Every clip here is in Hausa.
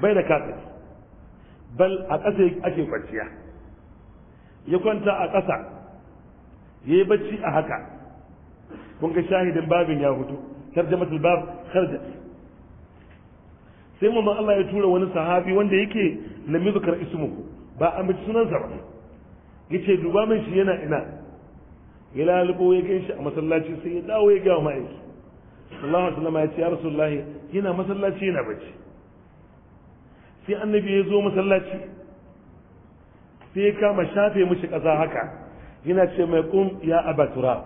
bai da kafiri bal a ƙasa ake kwanciya ya kwanta a ƙasa ya yi bacci a haka kun ga shahidin babin ya hutu tarjamatul bab kharjat sai mamman Allah ya tura wani sahabi wanda yake na yuzkar ismuhu ba a mace sunansa ba yace duba min shi yana ina ya lalubo ya gan shi a masallaci sai ya dawo ya ga ma'aiki sallallahu alaihi ya ce ya rasulullahi yana masallaci yana bacci sai annabi ya zo masallaci sai ya kama shafe mushi ƙasa haka yana ce mai kum ya abatura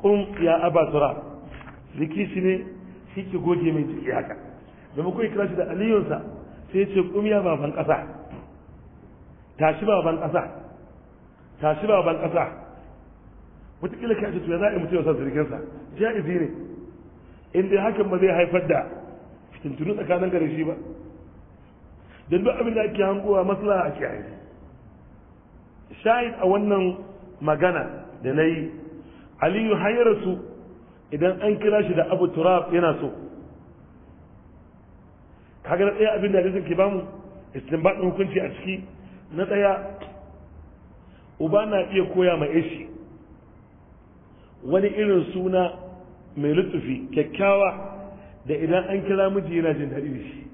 kum ya abatura riki shi ne shi ke goge mai jiki haka domin kuma kira shi da aliyunsa sai ya ce kum ya baban ƙasa tashi baban ƙasa tashi baban ƙasa wataƙila ka ce to ya za a yi mutum sa sirkinsa ja'izi ne inda hakan ba zai haifar da fitintunu tsakanin gare shi ba da duk abin da ake hankowa maslaha ake aiki. shahid a wannan magana da na yi aliyu rasu idan an kira shi da abu turab yana so kaga na ɗaya abin da hadisin ke bamu istinbadin hukunci a ciki na ɗaya uba na iya koya ma ishi wani irin suna mai lutufi kyakkyawa da idan an kira miji yana jin daɗi shi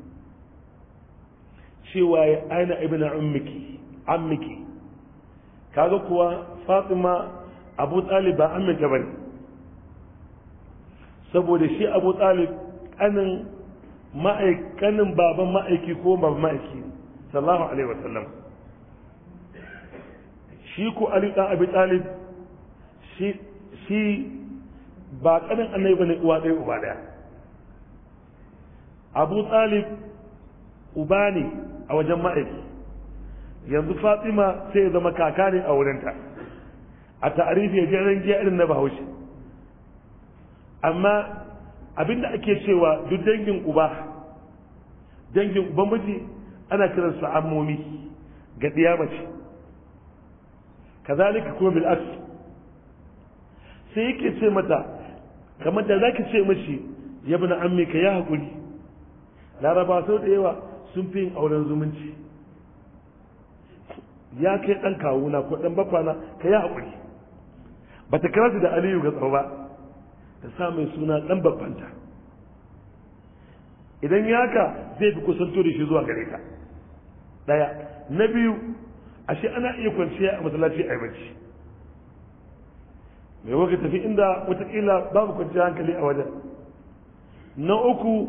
cewa ya aina ibina ummiki ammiki kaga kuwa fatima abu talib ba amminta bane saboda shi abu talib kanin ma'aikanin baban ma'aiki ko baban ma'aiki sallallahu alaihi wasallam shi ko ali dan abi talib shi shi ba kanin annabi bane uwa ɗaya uba ɗaya abu talib uba ne a wajen ma'aiki yanzu fatima sai ya zama kaka ne a wurinta a ta'arifi ya jiran giya irin na bahaushe amma abinda ake cewa duk dangin uba dangin uban miji ana kiran su ammomi ga diya mace kazalika kuma bil aks sai yake ce mata kamar da zaki ce mashi ya bi na ammi ka ya hakuri laraba sau da yawa sun fi yin auren zumunci ya kai ɗan kawuna ko ɗan bakwana ka yi haƙuri ba ta kira da aliyu ga tsawo ba ta sa mai suna ɗan babbanta idan ya haka zai fi kusanto da shi zuwa gare ka ɗaya na biyu ashe ana iya kwanciya a masallaci a bacci mai waka tafi inda watakila babu kwanciya hankali a wajen na uku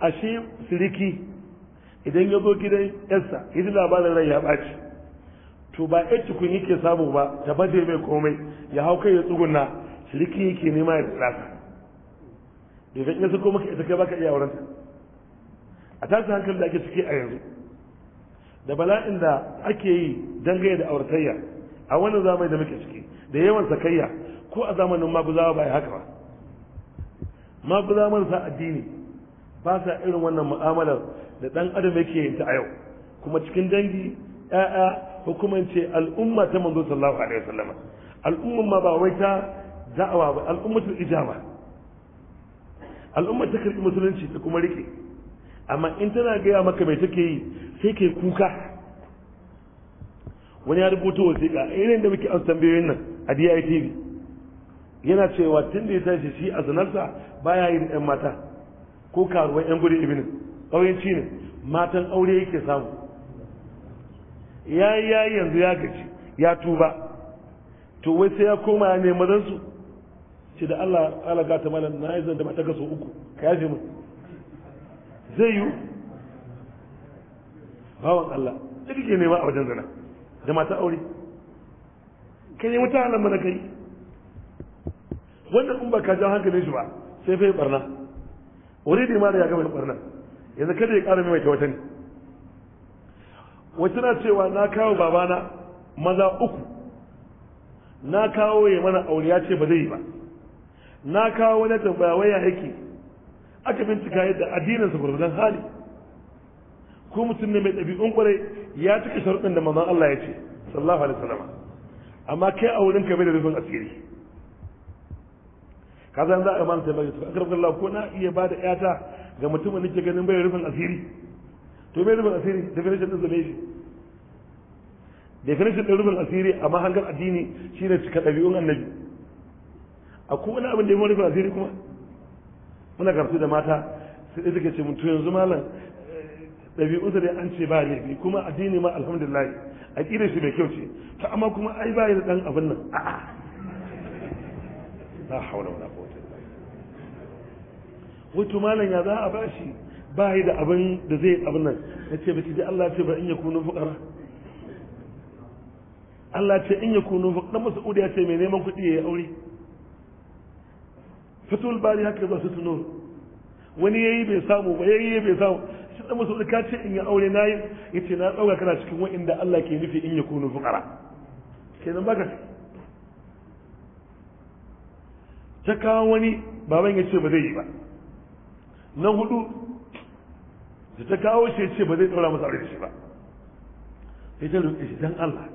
ashe siriki idan ya zo gidan yarsa idan labarin rai ya ɓaci to ba ya cikin yake samu ba ta baje mai komai ya hau kai ya tsuguna shiriki yake nema ya tsaka domin ya zuko maka ita kai baka iya wurinta a tasa hankali da ake ciki a yanzu da bala'in da ake yi dangane da auratayya a wannan zamani da muke ciki da yawan sakayya ko a zamanin maguzawa ba ya haka ba maguzawa marasa addini ba sa irin wannan mu'amalar da ɗan adam yake yin ta a yau kuma cikin dangi yaya hukumance al'umma ta manzo sallallahu alaihi wasallama al'umman ma ba wai ta da'awa ba al'ummatul ijaba al'umma ta karɓi musulunci ta kuma rike amma in tana gaya maka mai take yi sai kai kuka wani ya rubuta wasiƙa irin da muke an tambayoyin nan a DITV yana cewa tun da ya tashi shi a zanarsa baya yin 'yan mata ko karuwan 'yan gudun ibinin ƙauyenci ne matan aure yake samu ya yi ya yanzu ya gaji ya tuba to wai sai ya koma ya don su ce da Allah alaga ta malam na yi zan da mata kaso uku ka fi mu zai yi bawan Allah da kake nema a wajen zana da mata aure ka nemi ta halar mana kai wannan in ba ka hankalin shi ba sai fai barna wuri da ma da ya gaba barna yanzu kada ya ƙara mai wata ne wata na cewa na kawo babana maza uku na kawo ya mana aure ya ce ba zai yi ba na kawo wani tambaya ya yake aka bincika yadda addininsa gwargwadon hali ko mutum ne mai ɗabi'un ƙwarai ya cika sharuɗin da manzon Allah ya ce sallallahu alaihi wasallam amma kai a wurin ka bai da rufin asiri ka za a manta bai to ko na iya bada da ƴata ga mutumin da ke ganin bai rufin asiri to bai rufin asiri definition din zalai definition din rufin asiri a mahangar addini shine cika ɗabi'un annabi ko wani abin da ya rufin asiri kuma muna karatu da mata sai dai take ce mun to yanzu malam sa dai an ce ba laifi kuma addini ma alhamdulillah aƙidar shi mai kyau ce ta amma kuma ai ba da ɗan abin nan a'a la haula wala wato malam ya za a bashi ba yi da abin da zai abin nan na ce baki ji Allah ce ba in ya kunu fukara Allah ce in ya kunu fukara dan Mas'ud ya ce mai neman kuɗi ya yi aure fatul bari haka za su tuno wani yayi bai samu ba yayi bai samu shi dan Mas'ud ka ce in ya aure na yi yace na ɗauka kana cikin wa'inda Allah ke nufi in ya kunu fukara kenan baka ta kawo wani baban ya ce ba zai yi ba na hudu da ta kawo shi ce ba zai ɗaura masa aure shi ba sai ta roƙe shi dan Allah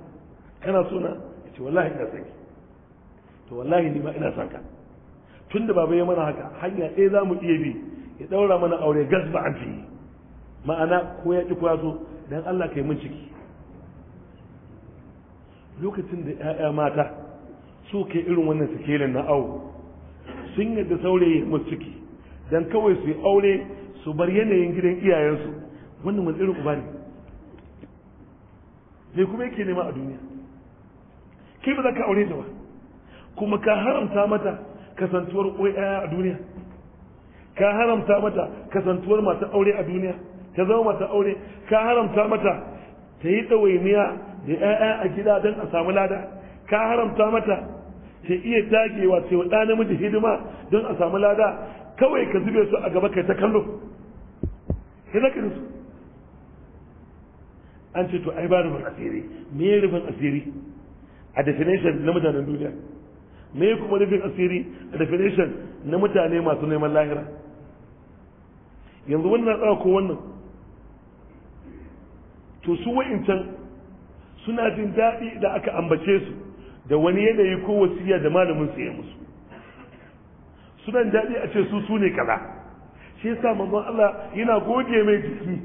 kana so na ce wallahi ina son to wallahi ni ma ina son ka tun baba ya mana haka hanya ɗaya za mu iya bi ya ɗaura mana aure gas ba an fi ma'ana ko ya ƙi ko ya so dan Allah kai mun ciki lokacin da 'ya'ya mata su ke irin wannan sikelin na awo sun yadda saurayi musu ciki dan kawai su yi aure su bar yanayin gidan iyayensu wannan wani irin uba ne kuma yake nema a duniya ke ba za ka aure ta kuma ka haramta mata kasantuwar ƙwaya a duniya ka haramta mata kasantuwar masu aure a duniya ta zama mata aure ka haramta mata ta yi ɗawainiya da 'ya'ya a gida don a samu lada ka haramta mata ta iya takewa ce wa ɗa namiji hidima don a samu lada kawai ka zube su a gaba kai ta kallo sai zaka su an ce to ai ba rufin asiri me ya rufin asiri a definition na mutanen duniya me ya kuma rufin asiri a definition na mutane masu neman lahira yanzu wannan tsawa ko wannan to su wa'incan suna jin daɗi da aka ambace su da wani yanayi ko wasiya da malamin su ya musu sunan daɗi a ce su su ne kaza shi yasa manzon Allah yana goge mai jiki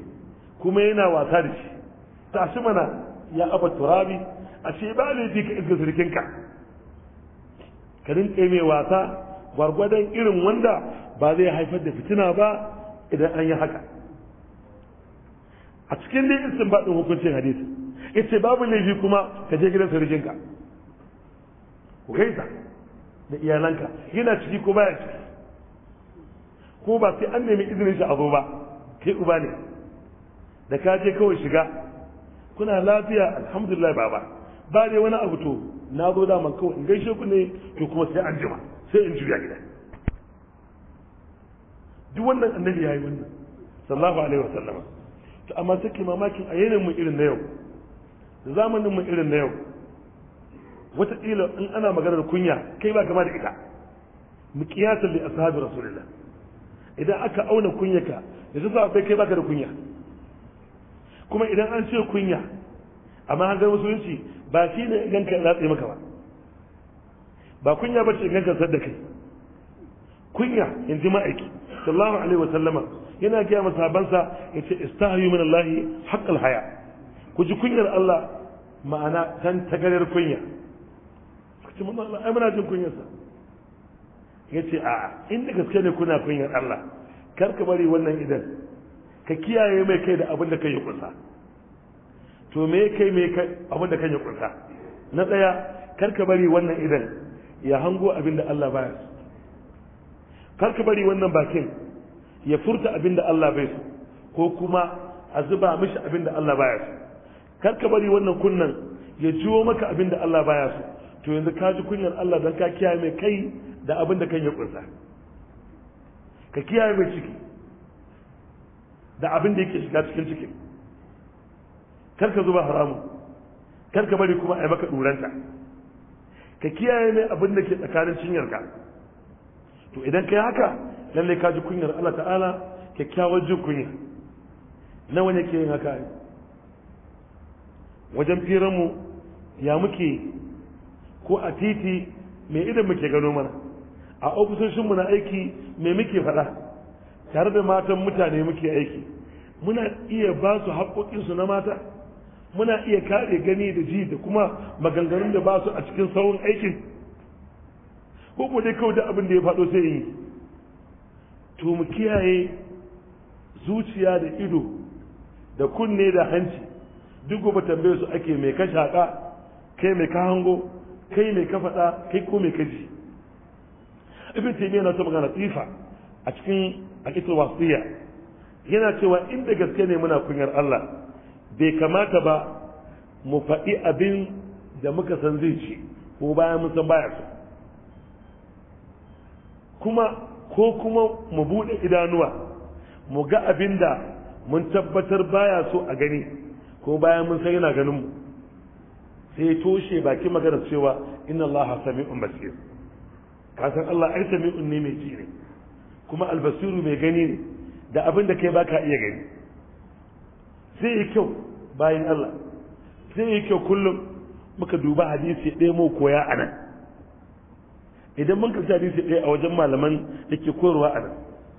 kuma yana wasa da shi shi mana ya aba turabi a ce ba laifi ka iska sirkinka ka rinƙe mai wasa gwargwadon irin wanda ba zai haifar da fitina ba idan an yi haka a cikin dai istin baɗin hukuncin hadisi ita babu laifi kuma ka je gidan sirkinka ku da iyalanka yana ciki ko baya ciki ko ba sai an nemi izinin shi a zo ba kai uba ne da ka je kawai shiga kuna lafiya alhamdulillah baba ba dai wani abu to na zo man kawai in gaishe ku ne to kuma sai an jima sai in juya gida duk wannan annabi yayi wannan sallallahu alaihi wasallam to amma take mamakin a yanayin mu irin na yau zamanin mu irin na yau Wata wataƙila in ana maganar kunya kai ba kama da ita miƙiyatar da ashabi rasulullah idan aka auna kunyaka yanzu sa kai baka da kunya kuma idan an ce kunya amma an ga musulunci ba shi ne ganka tsaye maka ba ba kunya ba ce ganka sadda kai kunya yanzu ma'aiki sallallahu alaihi wasallama yana gaya masahabansa ya ce istahyu min allahi haqqal haya ku ji kunyar allah ma'ana tan tagarar kunya ce mun Allah ai muna jin kunyar sa yace a in da gaske ne kuna kunyar Allah kar ka bari wannan idan ka kiyaye mai kai da abin da kai ya kusa to me kai me kai abin da kai ya kusa na daya kar ka bari wannan idan ya hango abin da Allah baya so kar ka bari wannan bakin ya furta abin da Allah bai so ko kuma a zuba mishi abin da Allah baya so kar ka bari wannan kunnan ya jiwo maka abin da Allah baya so to yanzu ka ji kunyar Allah don ka kiyaye mai kai da abin da kan ya kunsa ka kiyaye mai ciki da abin da yake shiga cikin cikin kar ka zuba haramu kar ka bari kuma a yi maka duranta ka kiyaye mai abin da ke tsakanin cinyarka to idan ka yi haka lalle ka ji kunyar Allah ta'ala kyakkyawar jin kunya nawa wani ke yin haka wajen firanmu ya muke ko a titi mai idan muke gano mana a ofisoshinmu na aiki mai muke faɗa tare da matan mutane muke aiki muna iya ba su haƙoƙinsu na mata muna iya kare gani da ji da kuma maganganun da ba su a cikin sauran aikin ko kuma dai kawai da abin da ya faɗo sai yi to mu kiyaye zuciya da ido da kunne da hanci duk gobe tambayar su ake mai ka shaƙa kai mai ka hango kai mai ka faɗa kai ko mai kaji ibn taymiya na ta magana tsifa a cikin aqidatul wasiya yana cewa inda gaske ne muna kunyar Allah bai kamata ba mu faɗi abin da muka san zai ci ko bayan mun san baya so kuma ko kuma mu buɗe idanuwa mu ga abin da mun tabbatar baya so a gani ko bayan mun san yana ganin mu sai toshe baki magana cewa inna allaha sami'un basir kasan allah ai sami'un ne mai ji ne kuma albasiru mai gani ne da abin da kai baka iya gani sai yi kyau bayan allah sai yi kyau kullum muka duba hadisi ɗaya mu koya a nan idan mun karanta hadisi ɗaya a wajen malaman da ke koyarwa a nan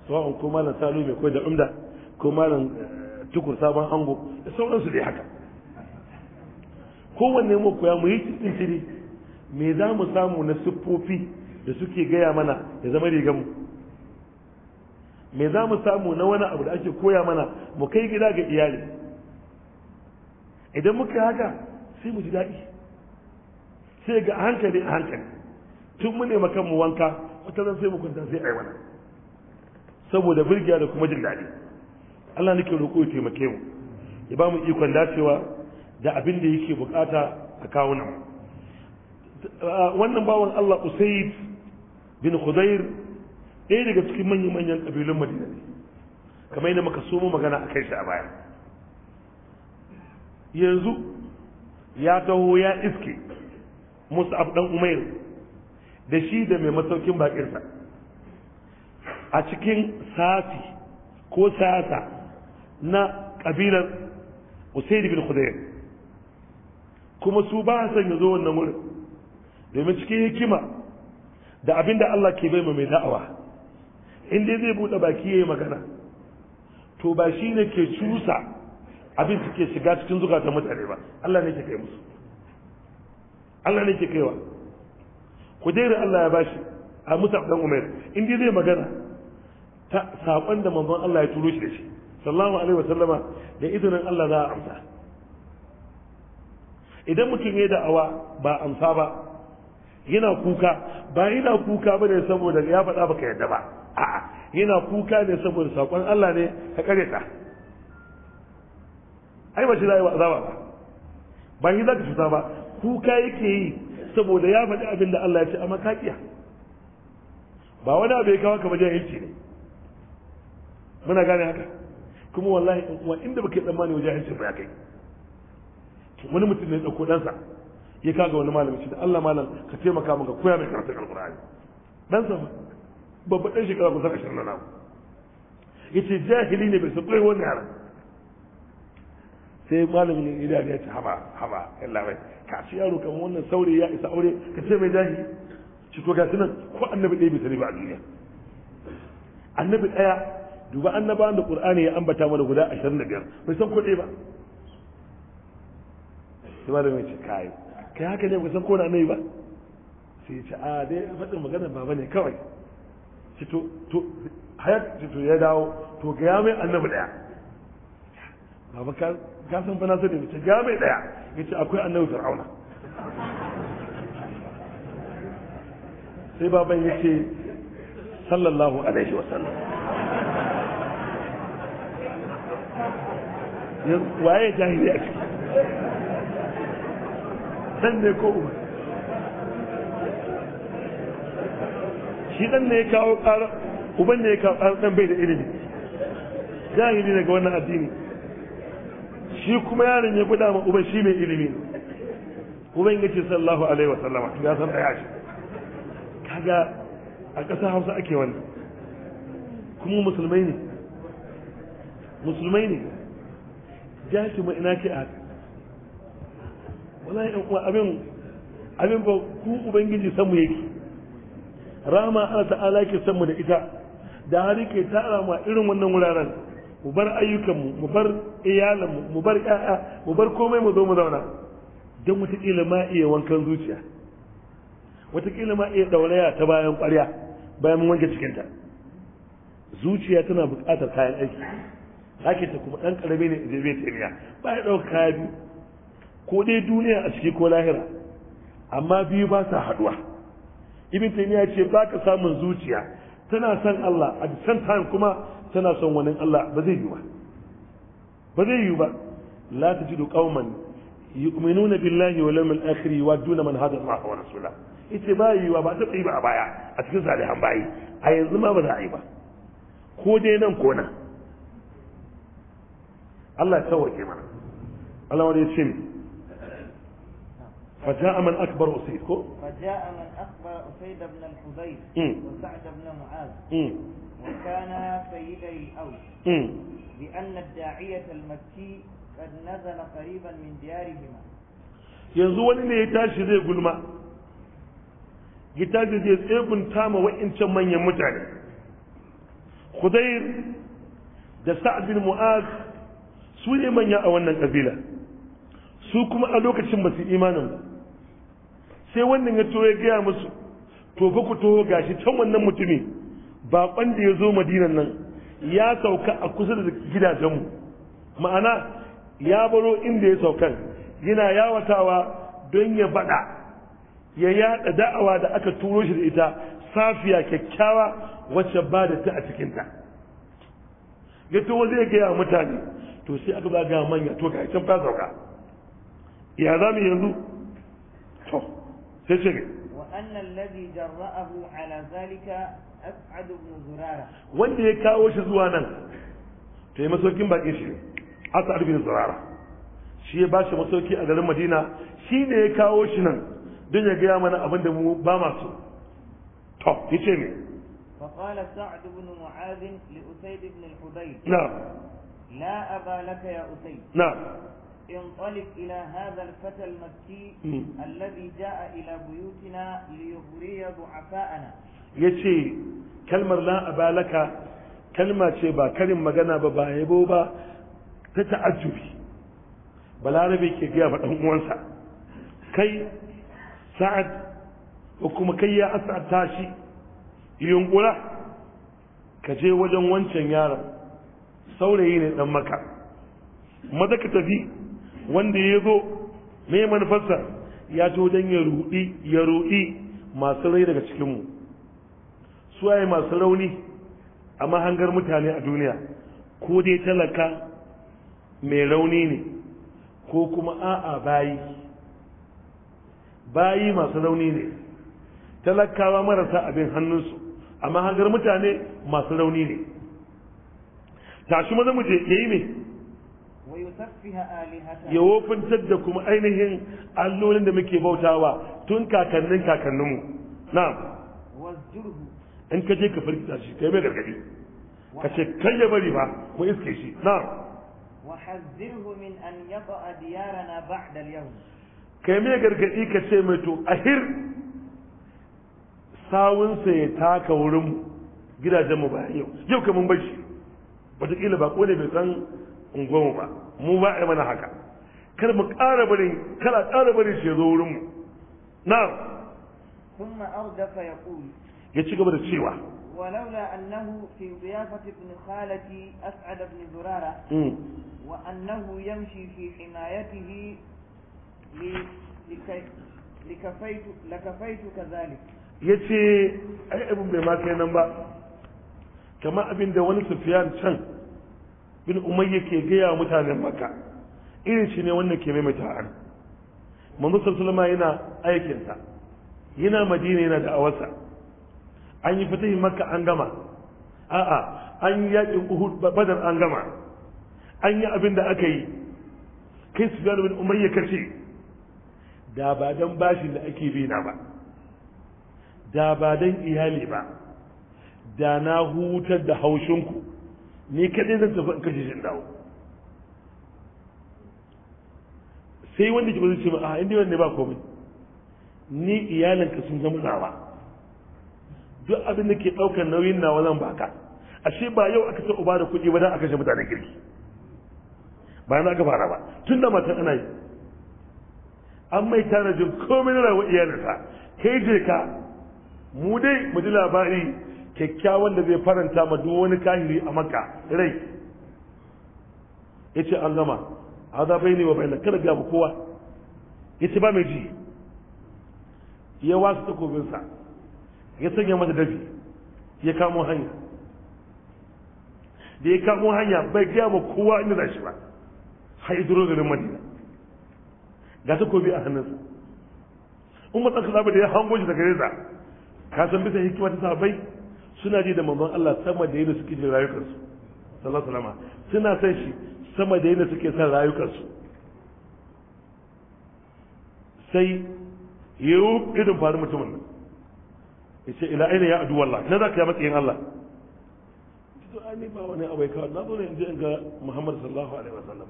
sawa'un ko malam salu mai koyar da umda ko malam eh, tukur sabon ango da sauransu dai haka kowanne mu koya mu yi shiri me za mu samu na siffofi da suke gaya mana ya zama rigar mu me za mu samu na wani abu da ake koya mana mu kai gida ga iyali idan muka haka sai mu ji daɗi sai ga hankali a hankali tun mu nema kanmu wanka wata zan sai mu kwanta sai ai wani saboda birgiya da kuma jin daɗi Allah nake roƙo ya taimake mu ya ba mu ikon dacewa da abin da yake bukata a kawunan wannan bawan Allah Usaid bin Khudair ɗaya daga cikin manyan manyan ƙabilun Madina ne kamar yadda muka somo magana a kai shi a baya yanzu ya taho ya iske Mus'ab dan Umair da shi da mai masaukin bakinsa a cikin sati ko sata na ƙabilar Usaid bin Khudair kuma su ba san ya zo wannan wurin domin cikin hikima da abinda Allah ke bai mai da'awa in dai zai buɗe baki yayi magana to ba shi ne ke cusa abin suke shiga cikin ta mutane ba Allah ne ke kai musu Allah ne ke kaiwa ku daira Allah ya bashi a musa dan Umar in dai zai magana ta sakon da manzon Allah ya turo shi da shi sallallahu alaihi wasallama da izinin Allah za a amsa idan mutum ya da'awa ba amsa ba yana kuka ba yana kuka ba ne saboda ya faɗa baka yadda ba a'a yana kuka ne saboda saƙon Allah ne ka kare ta ai ba shi zai wa azaba ba ba yi zaka fita ba kuka yake yi saboda ya faɗi abin da Allah ya ce a ka ba wani abu ya kawo ka wajen yanci ne muna gane haka kuma wallahi in uwa inda baka tsammani wajen yanci ba ya kai wani mutum ne ɗauko ɗansa ya kaga wani malami shi da Allah malam ka taimaka maka koya mai karatun alkur'ani ɗansa babban ɗan shekara kusan ashirin na nawa ya ce jahili ne bai san wani yaran sai malamin ya yi ya ce haba haba yalla bai ka ci yaro kamar wannan saurayi ya isa aure ka ce mai jahili ci to gashi nan ko annabi ɗaya bai sani ba a duniya annabi ɗaya duba annabawan da ƙur'ani ya ambata mana guda ashirin da biyar bai san ko ɗaya ba shi malamin ya ce kai kai haka ne kusan kona na nai ba sai ya ce a dai faɗin magana ba bane kawai ci to to hayat ci to ya dawo to ga mai annabi daya baba ka ka san fa na sani ce ga mai daya ce akwai annabi fir'auna sai baban ya ce sallallahu alaihi wa sallam waye jahili a ciki dan ne ko umar shi dan ne ya kawo ƙara uban ne ya kawo ƙara dan bai da ilimi jahili daga wannan addini shi kuma yaron ya guda ma uban shi mai ilimi uban ya ce sallallahu alaihi wasallama ya san aya shi kaga a ƙasar hausa ake wannan kuma musulmai ne musulmai ne jahilci ma ina ce a wallahi ɗan uwa abin abin ba ku ubangiji samu mu yake rama Allah ta'ala ke samu da ita da har yake tara irin wannan wuraren mu bar ayyukanmu mu bar iyalanmu mu bar ƴaƴa mu bar komai mu zo mu zauna don wataƙila ma iya wankan zuciya wataƙila ma iya ɗauraya ta bayan ƙwarya bayan wanke cikinta zuciya tana buƙatar kayan aiki haka ta kuma ɗan ƙarami ne a bai ta ba ya ɗauka kayan biyu ko dai duniya a ciki ko lahira amma biyu ba sa haduwa ibn taymiya ce ba ka samun zuciya tana son Allah a san time kuma tana son wani Allah ba zai yi ba ba zai yi ba la tajidu qauman yu'minuna billahi wal yawmil akhir duna man hada Allah wa rasula ita ba yi ba ta yi ba a baya a cikin salihan bayi a yanzu ma ba za a yi ba ko dai nan ko nan Allah ya tawake mana Allah wani ya ce فجاء من أكبر أسيد فجاء من أكبر أسيد بن الحضير وسعد بن معاذ وكان سيدي الأوس لأن الداعية المكي قد نزل قريبا من ديارهما yanzu wani ne ya tashi zai gulma ya tashi zai tsegunta ma wa'incan manyan mutane Khudair da Sa'ad bin Mu'az su ne manya a wannan ƙabila. su kuma a lokacin ba imanin sai wannan ya toye ya gaya musu to fa ku toho gashi can wannan mutumi baƙon da ya zo madinan nan ya sauka a kusa da gidajenmu ma'ana ya baro inda ya saukan yana yawatawa don ya baɗa ya yada da'awa da aka turo shi da ita safiya kyakkyawa wacce ba da ta a cikinta ya to zai gaya mutane to sai aka ba ga manya to ga can fa sauka ya za mu yanzu ta ce wanda ya kawo shi zuwa nan ta yi masaukin baƙi shi asa'ad bin zurara shi ya ba shi a garin madina shi ne ya kawo shi nan don ya gaya mana abin da mu ba masu to ya ce ne فقال سعد بن معاذ لأسيد بن الحبيب نعم لا أبا لك يا أسيد انطلق إلى هذا الفتى المكي الذي جاء إلى بيوتنا ليغري ضعفاءنا يتي كلمة لا أبا لك كلمة شبا كلمة مغنى بابا يبوبا تتعجبي balarabe ke gaya ma uwansa kai sa'ad ko kuma kai ya asa'ata shi yunkura ka je wajen wancan yaron saurayi ne ɗan maka maza ka tafi wanda ya zo mai manufarsa ya to wajen ya ruɗi ya ruɗi masu rai daga cikinmu suwaye masu rauni a mahangar mutane a duniya ko dai talaka mai rauni ne ko kuma a'a bayi bayi masu rauni ne talakawa marasa abin hannunsu amma hangar mutane masu rauni ne tashi maza mu je yayi me ya wofintar da kuma ainihin allolin da muke bautawa tun kakannin kakanninmu na'am in ka je ka firgita shi kai mai gargadi ka ce kai ya bari ba mu iske shi na'am وحذره من أن ka ديارنا بعد اليوم كمي غرغدي كتي أهر ya taka wurin gidajenmu ba bayan yau yau kaman bashi wataƙila ba ne bai san goma ba mu ba a mana haka kar mu ƙara bari kala ƙara bari shi ya zo wurinmu na'am kuma ya ya ci gaba da cewa ولولا أنه في ضيافة ابن خالتي أسعد بن زرارة وأنه يمشي في حمايته لكفيت لكفيت كذلك yace ai abin bai ma kai nan ba kamar abin da wani sufiyan can bin umayya ke gaya mutanen maka irin shi ne wannan ke maimaita an manzo sallama yana aikinsa yana madina yana da awarsa an yi fitahi makka an gama a'a an yi yakin uhud badar an gama an yi abin da aka yi kai su gano bin umayya kace da ba dan bashin da ake bi na ba da ba dan iyali ba da na hutar da haushinku ni kadai zan tafi in kashe shi dawo sai wanda ke ba zai ce ma a ah, inda wanda ba komai ni iyalinka sun zama nawa duk abin da ke ɗaukar nauyin nawa zan baka ashe ba yau aka ce uba da kuɗi ba dan aka kashe mutanen kirki ba na aka fara ba tun da matan ana yi an mai tanajin komai na rayuwar iyalinsa kai je ka mu dai mu ji labari kyakkyawan da zai faranta ma duk wani kahiri a maka rai yace an gama a bai ne wa bai kada ga kowa yace ba mai ji ya wasu takobinsa ya sanya mata dafi ya kamo hanya da ya kamo hanya bai gaya ma kowa inda za shi ba har duro garin madina ga takobi a hannunsa in matsan zaɓi da ya hango shi daga reza ka san bisa hikima ta sabai suna ji da manzon Allah sama da yadda suke jin rayukansu sallallahu alaihi suna san shi sama da yadda suke san rayukansu sai yau irin faru mutumin nan ya ce ila aina ya adu wallah na za ka yi matsayin Allah to ai ba wani abai ka na zo ne in je in ga Muhammad sallallahu alaihi wasallam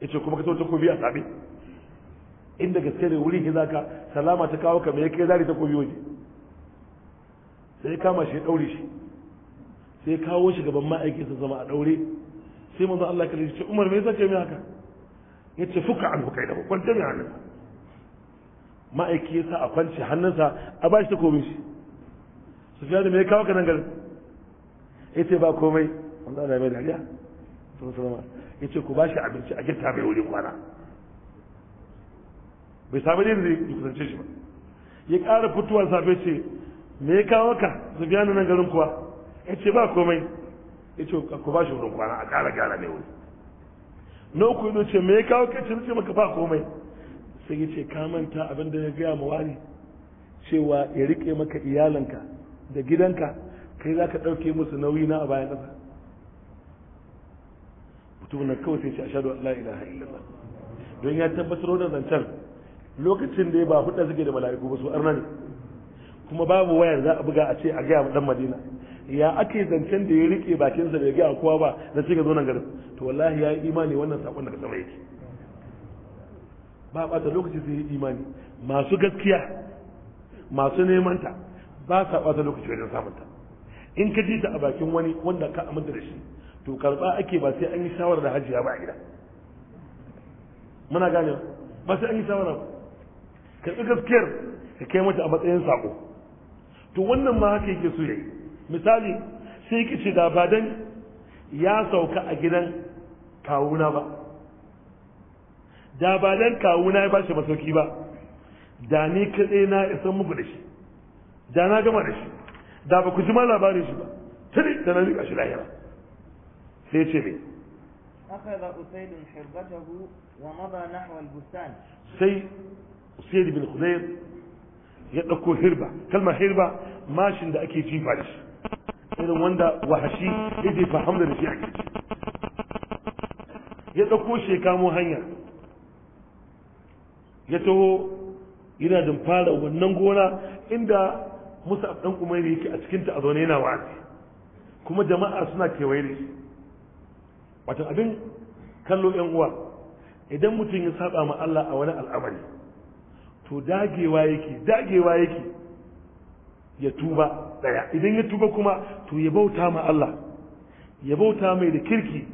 yace kuma ka zo takobi a sabe inda gaske da wuri ke zaka salama ta kawo ka me yake zari takobi waje sai ya kama shi ya daure shi sai ya kawo shi gaban ma'aikinsa zama a daure sai manzo Allah kalle ce Umar me yasa yi min haka yace fuka an hukai da kwanta min hannun ma'aiki ya sa a kwance hannunsa a bashi ta komai shi Sufyan me ya kawo ka nan garin yace ba komai manzo Allah mai dariya sun ce yace ku bashi abinci a gitta mai wuri kwana bai samu ne da kusance shi ba ya ƙara fitowar safe ce me ya kawo ka zubiyanu nan garin kuwa ya ce ba komai ya ce ku ba shi wurin kwana a ƙara gyara ne wuri na uku ya ce me ya kawo ka ce maka ba komai sai ya ce ka manta abin da ya gaya ma wani cewa ya riƙe maka iyalanka da gidanka kai za ka ɗauke musu nauyi na a bayan ƙasa mutum nan kawai sai ce a shaɗu Allah ilaha illallah don ya tabbatar da zancen lokacin da ya ba da suke da mala'iku ba su arna ne kuma babu wayar za a buga a ce a gaya dan madina ya ake zancen da ya rike bakinsa bai gaya kowa ba na ce ka zo nan garin to wallahi ya yi imani wannan sakon ka sama yake ba ɓata lokaci sai yi imani masu gaskiya masu neman ta ba sa ɓata lokaci wajen samun ta in ka ji ta a bakin wani wanda ka aminta da shi to karɓa ake ba sai an yi shawara da hajiya ba a gida muna gane ba sai an yi shawara ba ka gaskiyar ka kai mata a matsayin sako to wannan ma haka yake so yayi misali sai ki ce da ba dan ya sauka a gidan kawuna ba da ba dan kawuna ya bashi masauki ba da ni kadai na isan muku da shi da na gama da shi da ba ku ji ma labarin shi ba tuni da na rika shi lahira sai ce me أخذ أسيد wa mada نحو البستان Sai أسيد Bin خضير ya ɗauko hirba kalmar hirba mashin da ake jifa da shi irin wanda wahashi ya jefa hamda da shi ake ya ɗauko shi ya hanya ya taho yana da fara wannan gona inda musa ɗan umairi yake a cikinta a zaune yana wa'azi kuma jama'a suna kewaye da shi wato abin kallo yan uwa idan mutum ya saba ma Allah a wani al'amari to dagewa yake dagewa yake ya tuba daya idan ya tuba kuma to ya bauta ma Allah ya bauta mai da kirki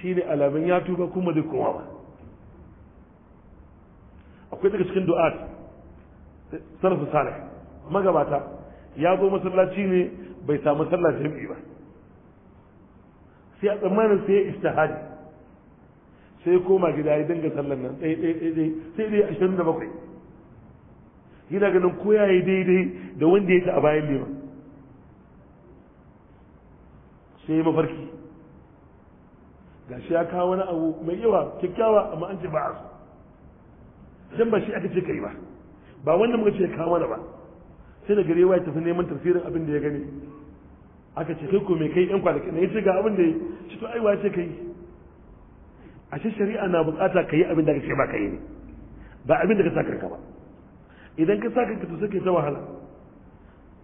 shine alamin ya tuba kuma da kuma ba akwai daga cikin du'at sarfu salih magabata ya zo masallaci ne bai samu sallar jami'i ba sai a tsammanin sai ya istihadi sai koma gida ya dinga sallar nan ɗaya ɗaya ɗaya sai dai ashirin da bakwai yana ganin ko ya yi daidai da wanda yake a bayan liman sai ya mafarki gashi ya kawo wani abu mai yawa kyakkyawa amma an ce ba a so dan ba shi aka ce kai ba ba wanda muka ce kawo mana ba sai da gare ya tafi neman tafsirin abin da ya gani aka ce kai ko mai kai yan kwanaki ne ce ga abin da ya ci to aiwa ce kai ashe shari'a na bukata ka yi abin da ka ce ba ka yi ne ba abin da ka sa karka ba idan ka sa kanka to sai ta wahala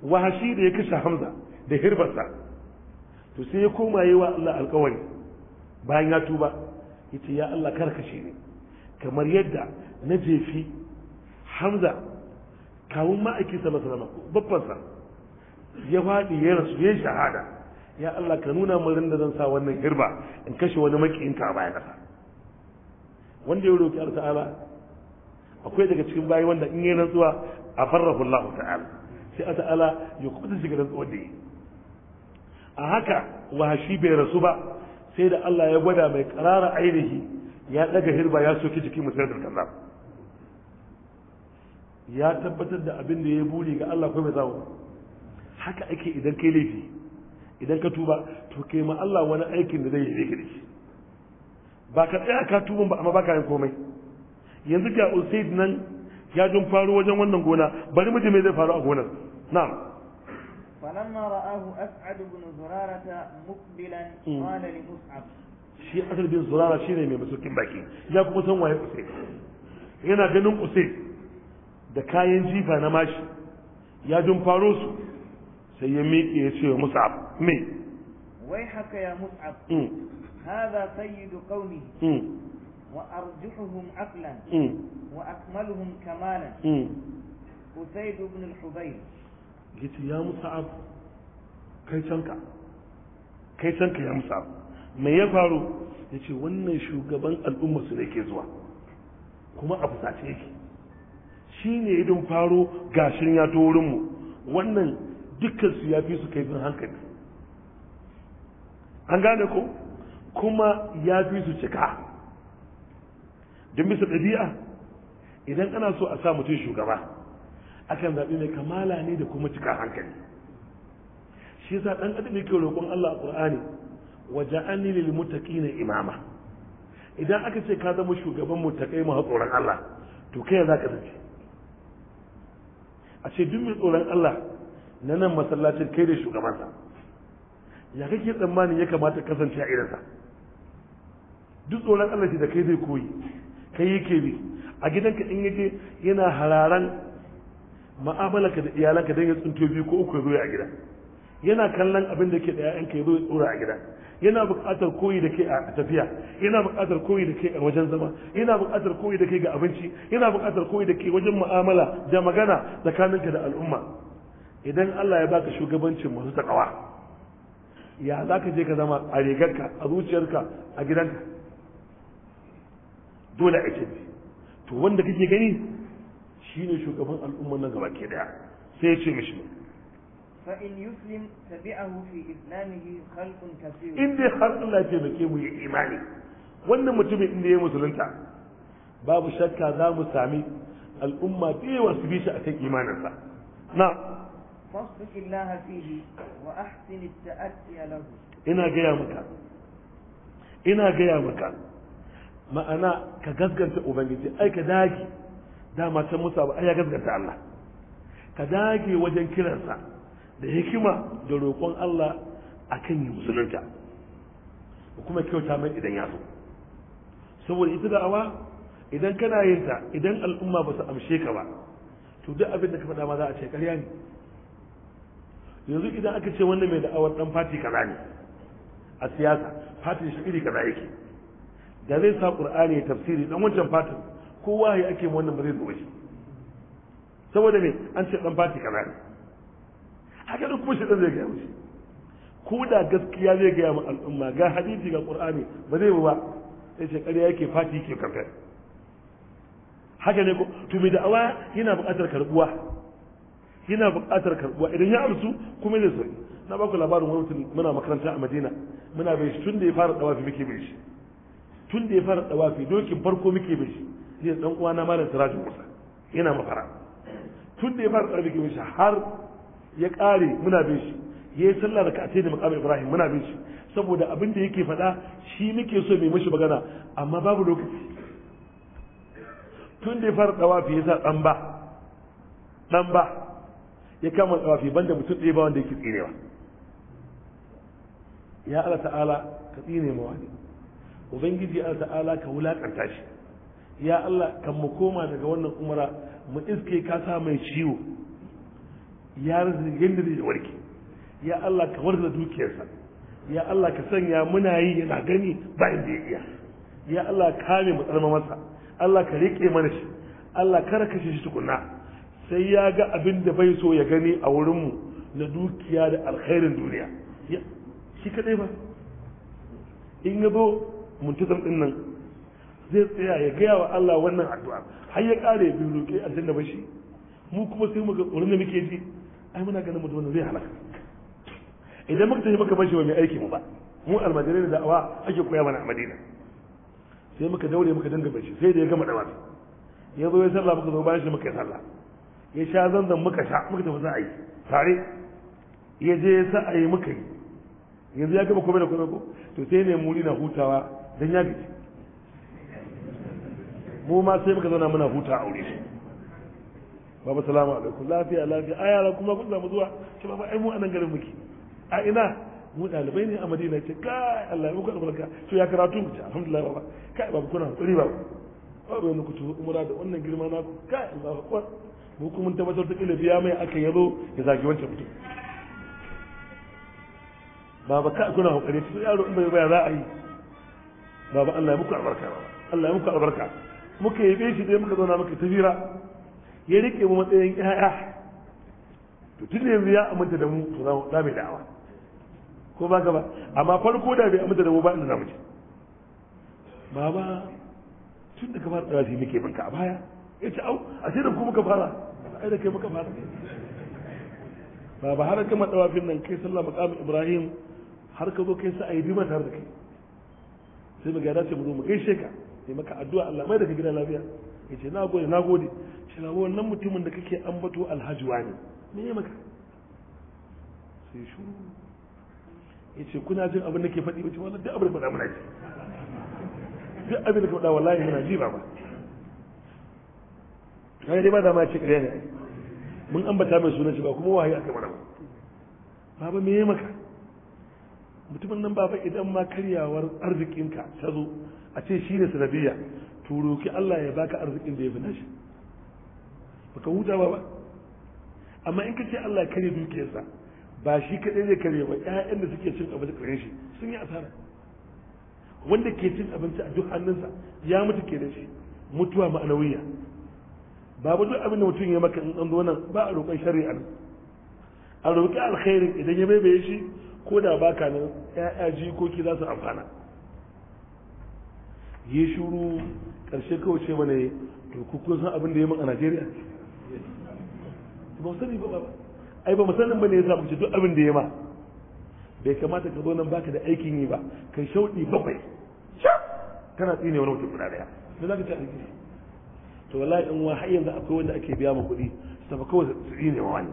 wahashi da ya kashe hamza da hirbarsa to sai ya koma yi wa Allah alkawari bayan ya tuba yace ya Allah kar kashe ni kamar yadda na jefi hamza kawun ma'aiki sallallahu alaihi wasallam babbansa ya faɗi ya rasu ya shahada ya Allah ka nuna min da zan sa wannan hirba in kashe wani makiyin a bayan kasa wanda ya roki Allah ta'ala akwai daga cikin bayi wanda in yi rantsuwa a farrahu Allah ta'ala sai a ta'ala ya kuɓuta shiga rantsuwa da yi a haka wahashi bai rasu ba sai da Allah ya gwada mai karara ainihi ya daga hirba ya soki jikin mutum da kaza ya tabbatar da abin da ya buri ga Allah kuma mai zawo haka ake idan kai laifi idan ka tuba to kai ma Allah wani aikin da zai yi ka ba ka tsaya ka tuban ba amma ba ka yin komai yanzu ga usaid nan ya jin faru wajen wannan gona bari miji mai zai faru a gonar na'am ra'ahu رآه أسعد بن muqbilan hmm. qala li mus'ab shi as'ad bin zurara shi ne mai musukin baki ya kuma san waye kusai yana ganin kusai da kayan jifa na mashi ya jin faro su sai ya miƙe ya ce mus'ab me wai haka ya mus'ab hmm. hadha sayyidu qaumi hmm. وأرجحهم عقلا وأكملهم كمالا أسيد بن الحبيب قلت يا مصعب كيسنك كيسنك يا مصعب ما يفعلوا قلت وانا shugaban al'umma su ne ke zuwa kuma a fusace yake shi ne idan faro gashin ya to wurinmu wannan dukkan su ya fi su kai bin hankali an gane ko kuma ya fi su cika don bisa ɗabi'a idan ana so a sa mutum shugaba akan zaɓi mai kamala ne da kuma cika hankali shi yasa ɗan adam yake roƙon Allah a Qur'ani wa ja'alni lil muttaqina imama idan aka ce ka zama shugaban muttaqai mu tsoron Allah to kai za ka zace a ce duk mai tsoron Allah na nan masallacin kai da shugabansa ya kake tsammanin ya kamata kasance a irinsa duk tsoron Allah shi da kai zai koyi kai yake bi a gidanka in yaje yana hararan ma'amalaka da iyalanka don ya tsinto biyu ko uku zo a gida yana kallon abin da ke da ƴaƴanka ya zo ya tsora a gida yana buƙatar koyi da ke a tafiya yana buƙatar koyi da ke a wajen zama yana buƙatar koyi da ke ga abinci yana buƙatar koyi da ke wajen mu'amala da magana tsakaninka da al'umma idan Allah ya baka shugabancin masu takawa ya za ka je ka zama a rigarka a zuciyarka a gidanka dole a canji to wanda kake gani shine shugaban al'ummar nan gaba ke daya sai ya ce mishi فإن يسلم تبعه في إسلامه خلق كثير إن la خلق الله mu yi imani wannan mutumin inda ya musulunta babu shakka za mu sami al'umma da yawa su bi shi a akan imaninsa na fasbiqillaha fihi wa ahsin at-ta'ati lahu ina gaya maka ina gaya maka ma'ana ka gaskanta ubangiji ai ka dage dama can musa ba ai ya gaskanta Allah ka dage wajen kiransa da hikima da roƙon Allah akan yi musulunta kuma kyauta mai idan ya so saboda ita da awa, idan kana yin ta idan al'umma ba su amshe ka ba to duk abin da ka faɗa ma za a ce ƙarya ne yanzu idan aka ce wannan mai da'awar ɗan fati kaza ne a siyasa fati shi iri kaza yake da zai sa qur'ani ya tafsiri dan wancan fatin ko wahayi ake wannan ba zai zuwa shi saboda me an ce dan fati kaza ne haka duk kuma shi dan zai ga mushi ko da gaskiya zai ga mu al'umma ga hadisi ga qur'ani ba zai ba sai ce ƙarya yake fati yake karkar haka ne ko to me da'awa yana buƙatar karɓuwa yana buƙatar karbuwa idan ya amsu kuma zai so na ba ku labarin wani mutum muna makaranta a Madina muna bai shi tun da ya fara dawafi muke bai shi tun da ya fara tsawafi dokin farko muke bai shi zai dan uwa na malam sirajin musa yana mafara tun da ya fara dawafi muke shi har ya kare muna bai shi ya yi sallah da ka'atai da makamin ibrahim muna bai shi saboda abin da yake faɗa shi muke so mai mishi magana amma babu lokaci tun da ya fara tsawafi ya sa dan ba dan ba ya kama dawafi banda mutum ɗaya ba wanda yake tsirewa ya Allah ta'ala ka tsine mawani ubangiji Allah ta'ala ka wulakanta shi ya Allah kan mu koma daga wannan umara mu iske ka sa mai ciwo ya da yadda zai warke ya Allah ka warza dukiyarsa ya Allah ka sanya muna yi yana gani ba inda ya iya ya Allah kame mu tsarma masa Allah ka rike mana shi Allah kar ka shi tukunna sai ya ga abin da bai so ya gani a wurin mu na dukiya da alkhairin duniya shi kadai ba in ya zo muntazam din nan zai tsaya ya gaya wa Allah wannan addu'a har ya kare bi roƙe aljanna ba shi mu kuma sai mu ga tsoron da muke ji ai muna ganin mutum wannan zai halaka idan muka tafi muka bashi ba mai aiki mu ba mu almajirai da da'awa ake koya mana a Madina sai muka daure muka danga bashi sai da ya gama dawa ya zo ya sallah muka zo bayan shi muka yi sallah ya sha zanzan muka sha muka tafi za a yi tare ya je ya sa a yi muka yi yanzu ya gaba kome da kome ko to sai ne muri na hutawa don ya gaji mu ma sai muka zauna muna huta aure baba salamu alaikum lafiya lafiya a yara kuma kun samu zuwa ce baba ai mu anan garin muke a ina mu dalibai ne a madina ce kai Allah ya muku barka to ya karatu mu ce alhamdulillah baba kai babu kuna hakuri ba baba wani kutu umura da wannan girma na ku kai Allahu akbar mu kuma mun tabbatar da kila biya mai aka yazo ya zagi wancan mutum baba kai kuna hakuri to yaro in bai baya za a yi baba Allah ya muku albarka baba Allah ya muku albarka muka yabe shi dai muka zauna muka tafira ya rike mu matsayin ƴaƴa to tun da yanzu ya aminta da mu to za mu da'awa ko ba ka ba amma farko da bai aminta da mu ba inda za mu je baba tun da ka fara tsarafi muke banka a baya ya ce au a sai da ku muka fara ai da kai muka fara baba har ka matsawafin nan kai sallama kamar ibrahim har ka zo kai sa ayi bi matar da kai sai mu ga dace mu zo mu gaishe ka sai maka addu'a Allah mai daga gida lafiya yace na gode na gode shi na wannan mutumin da kake ambato alhaji wani me ya maka sai shuru yace kuna jin abin da ke faɗi wace wallahi duk abin da muna ji duk abin da ka faɗa wallahi muna ji ba ba kai dai ba da ma ce kare ne mun ambata mai sunan shi ba kuma wahayi aka mana ba ba me ya maka mutumin nan baba idan ma karyawar arzikinka ta zo a ce shi ne sanadiyya to roki Allah ya baka arzikin da ya fi nashi baka huta ba amma in ka ce Allah ya karya dukiyarsa ba shi kadai zai karye ba ƴaƴan da suke cin abinci shi sun yi asara wanda ke cin abinci a duk hannunsa ya mutu ke da shi mutuwa ma'anawiya babu duk abin da mutum ya maka in an zo nan ba a roƙon shari'a a roƙi alkhairin idan ya baibaye shi ko da ka nan ya'ya jikoki za su amfana yi shuru ƙarshe kawai ce mana to ku kun san abin da ya min a Najeriya ba sani ba ai ba musanin bane ya samu ce duk abin da ya ma bai kamata ka zo nan baka da aikin yi ba kai shauɗi bakwai kana tsine wani mutum guda daya me za ka ci aiki to wallahi in wa har yanzu akwai wanda ake biya ma kuɗi su tafi kawai su tsine wa wani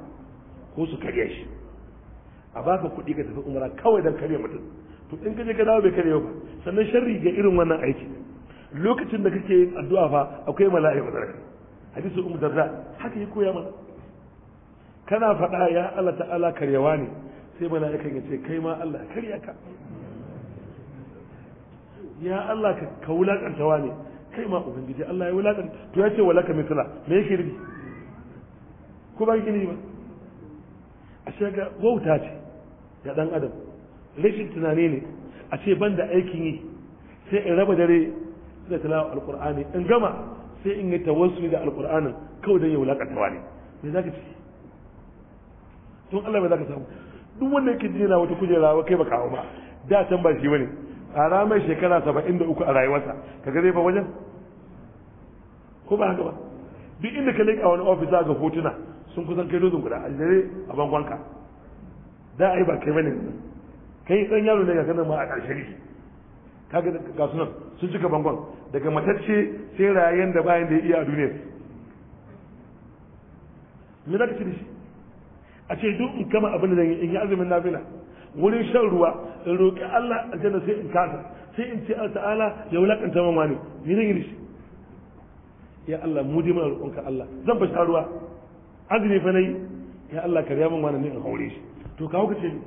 ko su karya shi a baka kuɗi ka tafi umara kawai don karya mutum to in ka je ka dawo bai karya ba sannan sharri ga irin wannan aiki lokacin da kake yin addu'a fa akwai mala'i madarka hadisi ummu darda haka ya koya mana kana faɗa ya Allah ta'ala karyawa ne sai mala'ikan ya ce kai ma Allah karya ka ya Allah ka ka wulakantawa ne kai ma ubangiji Allah ya wulakanta to ya ce walaka mitla me yake rubi ko ba ki ne ba a ga wauta ce ga dan adam rashin tunani ne a ce banda aikin yi sai in raba dare da tilawa alqur'ani in gama sai in yi tawassuli da alqur'anin kawai dan ya wulakantawa ne me zaka ci tun Allah me zaka samu duk wanda yake jira wata kujera wa kai baka hawo ba da can ba shi bane a ramar shekara 73 a rayuwarsa kaga zai ba wajen ko ba haka ba duk inda ka leka wani ofis za ga hotuna sun kusan kai dozin guda a jere a bangonka da ai ba kai bane kai dan yaro ne ga sanin ma a ƙarshen shi kaga ga sunan sun cika bangon daga matacce sai rayen da bayan da ya iya a duniya me za ka ci da shi a ce duk in kama abin da zan yi in yi azumin nafila wurin shan ruwa in roƙi Allah aljanna sai in kasa sai in ce Allah ta'ala ya wulakanta man wani ni zan yi da shi ya Allah mu dai mana roƙonka Allah zan fasha ruwa azumi fa nayi ya Allah ka riya man ne in haure shi to kawo ka ce ni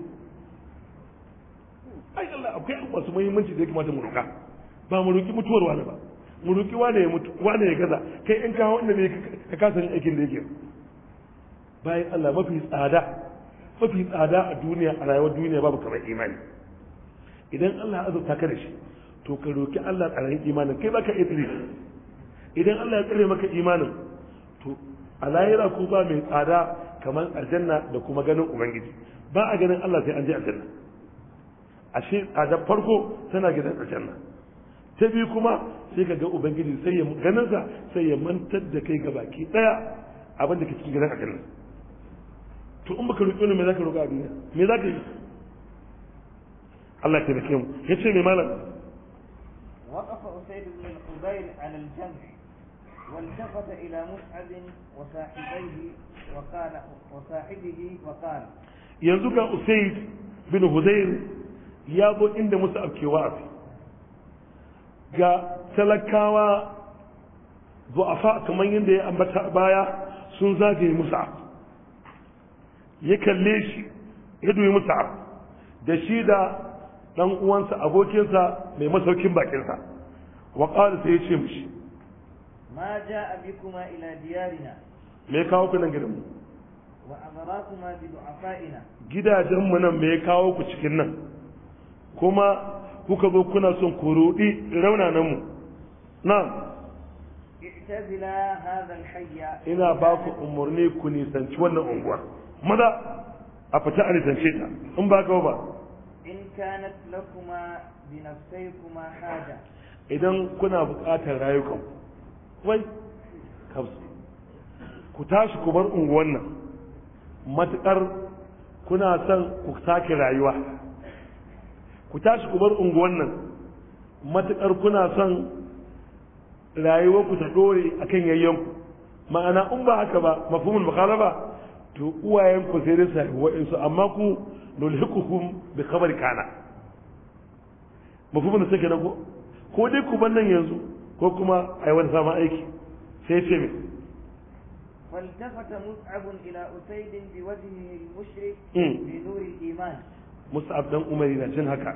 ai Allah akwai abubuwa su muhimmanci da ya kamata mu roƙa ba mu roƙi mutuwar wani ba mu roƙi wane ya mutu wane ya gaza kai in kawo wanda ne ka kasa yin aikin da yake bayan Allah mafi tsada mafi tsada a duniya a rayuwar duniya babu kamar imani idan Allah azurta ka da shi to ka roki Allah tsarayin imanin kai baka iya tsire idan Allah ya tsare maka imanin to a lahira ko ba mai tsada kamar aljanna da kuma ganin ubangiji ba a ganin Allah sai an je aljanna ashe a da farko tana gidan aljanna ta biyu kuma sai ka ga ubangiji sai ya ganin sa sai ya mantar da kai ga baki daya abin da ke cikin gidan aljanna to in baka roƙi me zaka roƙa a duniya me zaka yi Allah ya tabbake mu yace me malam وقف أسيد بن الخبير على الجمع والتفت إلى مصعب وصاحبيه وقال وصاحبه وقال yanzu ga usaid bin huzair ya zo inda musu abkewa a ga talakawa zu'afa kamar yadda ya ambata baya sun zagaye musa ya kalle shi ya duyi musa da shi da dan uwansa abokinsa mai masaukin bakinsa wa qala sai ya ce mushi ma ja'a kuma ila diyarina me kawo ku nan gidanmu gidajenmu nan mai ya kawo ku cikin nan kuma kuka zo kuna son ku rudi raunananmu nan ina ba ku umarni ku nisanci wannan unguwa maza a fita a nisance ta in ba ka ba in idan kuna buƙatar rayukan wai ku tashi ku bar unguwan nan matukar kuna son ku sake rayuwa ku tashi ku bar unguwan nan matukar kuna son rayuwar ku ta dore akan yayyanku ma'ana in ba haka ba mafhumul mukhalafa to uwayen ku sai dai sai wa'insu amma ku nulhikukum bi khabar kana mafhumul sake na ko ko dai ku ban nan yanzu ko kuma ai wani sama aiki sai ce mai فالتفت مصعب الى اسيد بوجهه المشرك بنور الايمان مصعب عمر أمري جن هكا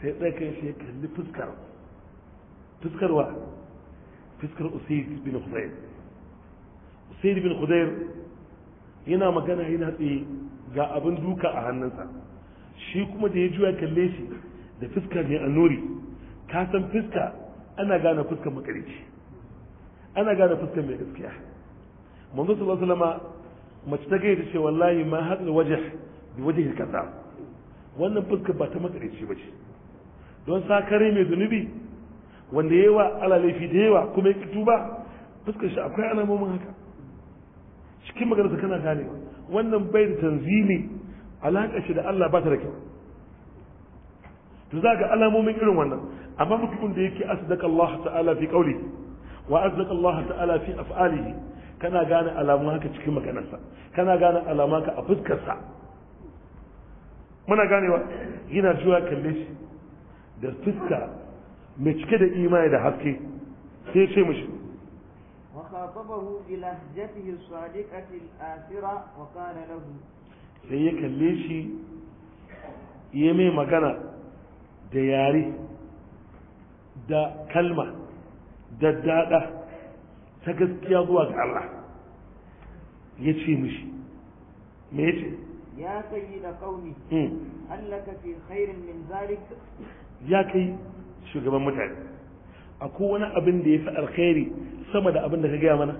سيدك شيء كل تذكر تذكر واحد تذكر أسيد بن خضير أسيد بن خضير yana magana yana tsaye ga abin duka a hannunsa shi kuma da ya juya kalle shi da fuska a annori ka san fuska ana gane fuskar makarici ana gane fuskar mai gaskiya manzo sallallahu alaihi wasallam mace ta gaida ce wallahi ma hadal wajh bi wajhi kaza wannan fuska ba ta makarici ba ce don sakare mai zunubi wanda yawa ala laifi da yawa kuma ya kitu ba fuskar shi akwai alamomin haka cikin maganarsa kana gane wannan bai da tanzimi alaka shi da Allah ba ta da kyau to za ga alamomin irin wannan amma mutumin da yake asdaka Allah ta'ala fi qawli wa asdaka Allah ta'ala fi af'alihi kana gane alamun haka cikin maganarsa kana gane alamun haka a fuskarsa muna ganewa yana zuwa kalle shi da fuska mai cike da imani da haske sai ce mishi وخاطبه بلهجته الصادقة الآثرة وقال له sai kalle shi ya mai magana da yare da kalma da dada ta gaskiya zuwa ga Allah ya ce mishi me ya ce ya sayyida qaumi hmm. allaka fi khairin min zalik ya kai shugaban mutane akwai wani abin da ya fi alkhairi sama da abin da ka gaya mana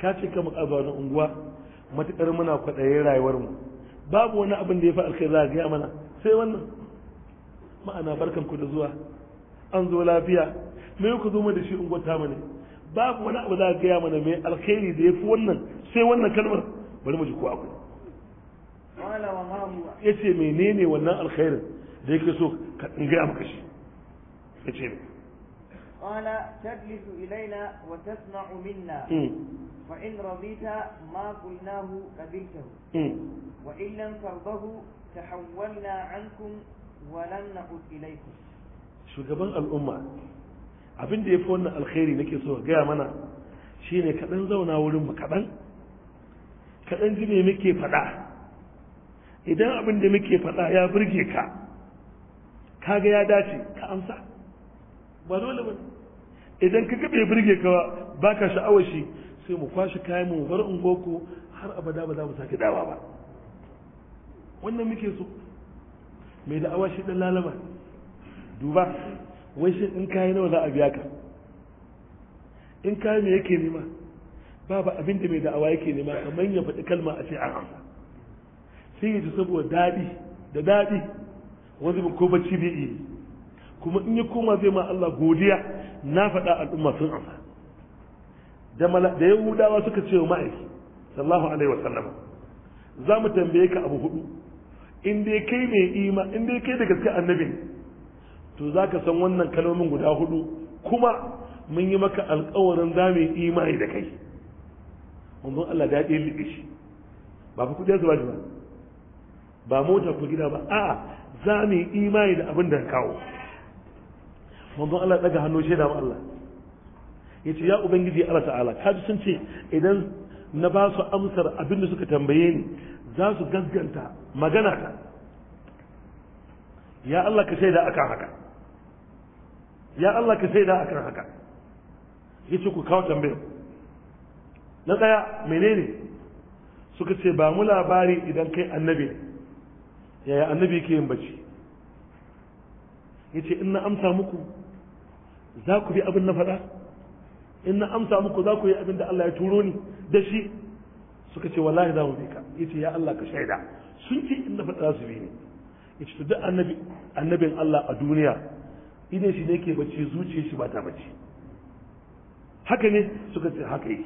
ka ce kama ƙazawa na unguwa matuƙar muna kwaɗayin rayuwarmu babu wani abin da ya fi alkhairi za a gaya mana sai wannan ma'ana barkan ku da zuwa an zo lafiya me ku zo da shi unguwar tamu ne babu wani abu za a gaya mana mai alkhairi da ya fi wannan sai wannan kalmar bari mu ji ko akwai ya ce menene wannan alkhairin da yake so ka gaya maka shi ya ce ne قال تجلس إلينا وتسمع منا فإن رضيت ما قلناه قبلته وإن لم ترضه تحولنا عنكم ولن نعود إليكم شو قبل الأمة abin da ya fi wannan alkhairi nake so gaya mana shi ne kaɗan zauna wurin mu kaɗan kaɗan ji me muke faɗa idan abin da muke faɗa ya burge ka ka ga ya dace ka amsa ba dole ba idan ka bai burge ka ba ka sha'awar sai mu kwashe kayan mu bar ungoku har abada ba za mu sake dawa ba wannan muke so mai da'awa shi ɗan lalama duba wai shi in kayi nawa za a biya ka in kayi me yake nema babu abin da mai da'awa yake nema kamar ya faɗi kalma a ce an amsa sai ya ji saboda daɗi da daɗi wani bin ko bacci bai yi kuma in ya koma zai ma Allah godiya na faɗa al'umma sun amsa da da yahudawa suka ce wa ma'aiki sallallahu alaihi wa sallam za mu tambaye ka abu hudu in dai kai mai ima in dai kai da gaske annabi to za ka san wannan kalmomin guda hudu kuma mun yi maka alkawarin za mu yi imani da kai wanzan Allah da ya liɓe shi ba fi kuɗi zuwa ba ba mota ku gida ba a'a za mu yi imani da abin da ka kawo wanzan Allah daga hannu shi damu Allah ya ce ya ubangiji Allah ta'ala ka sun ce idan na ba su amsar abin da suka tambaye ni za su gaskanta magana ta ya Allah ka shaida akan haka ya Allah ka sai da akan haka ce ku kawo tambayar na daya menene suka ce ba mu labari idan kai annabi yaya annabi ke yin bacci ya in na amsa muku za ku bi abin na faɗa in na amsa muku za ku yi abin da Allah ya turo ni da shi suka ce wallahi za mu bi ka Ya ce ya Allah ka shaida sun ce in na faɗa za su bi Ya ce to duk annabin Allah a duniya ne shi ne ke bacci zuciyar shi ba ta bacci haka ne suka ce haka yake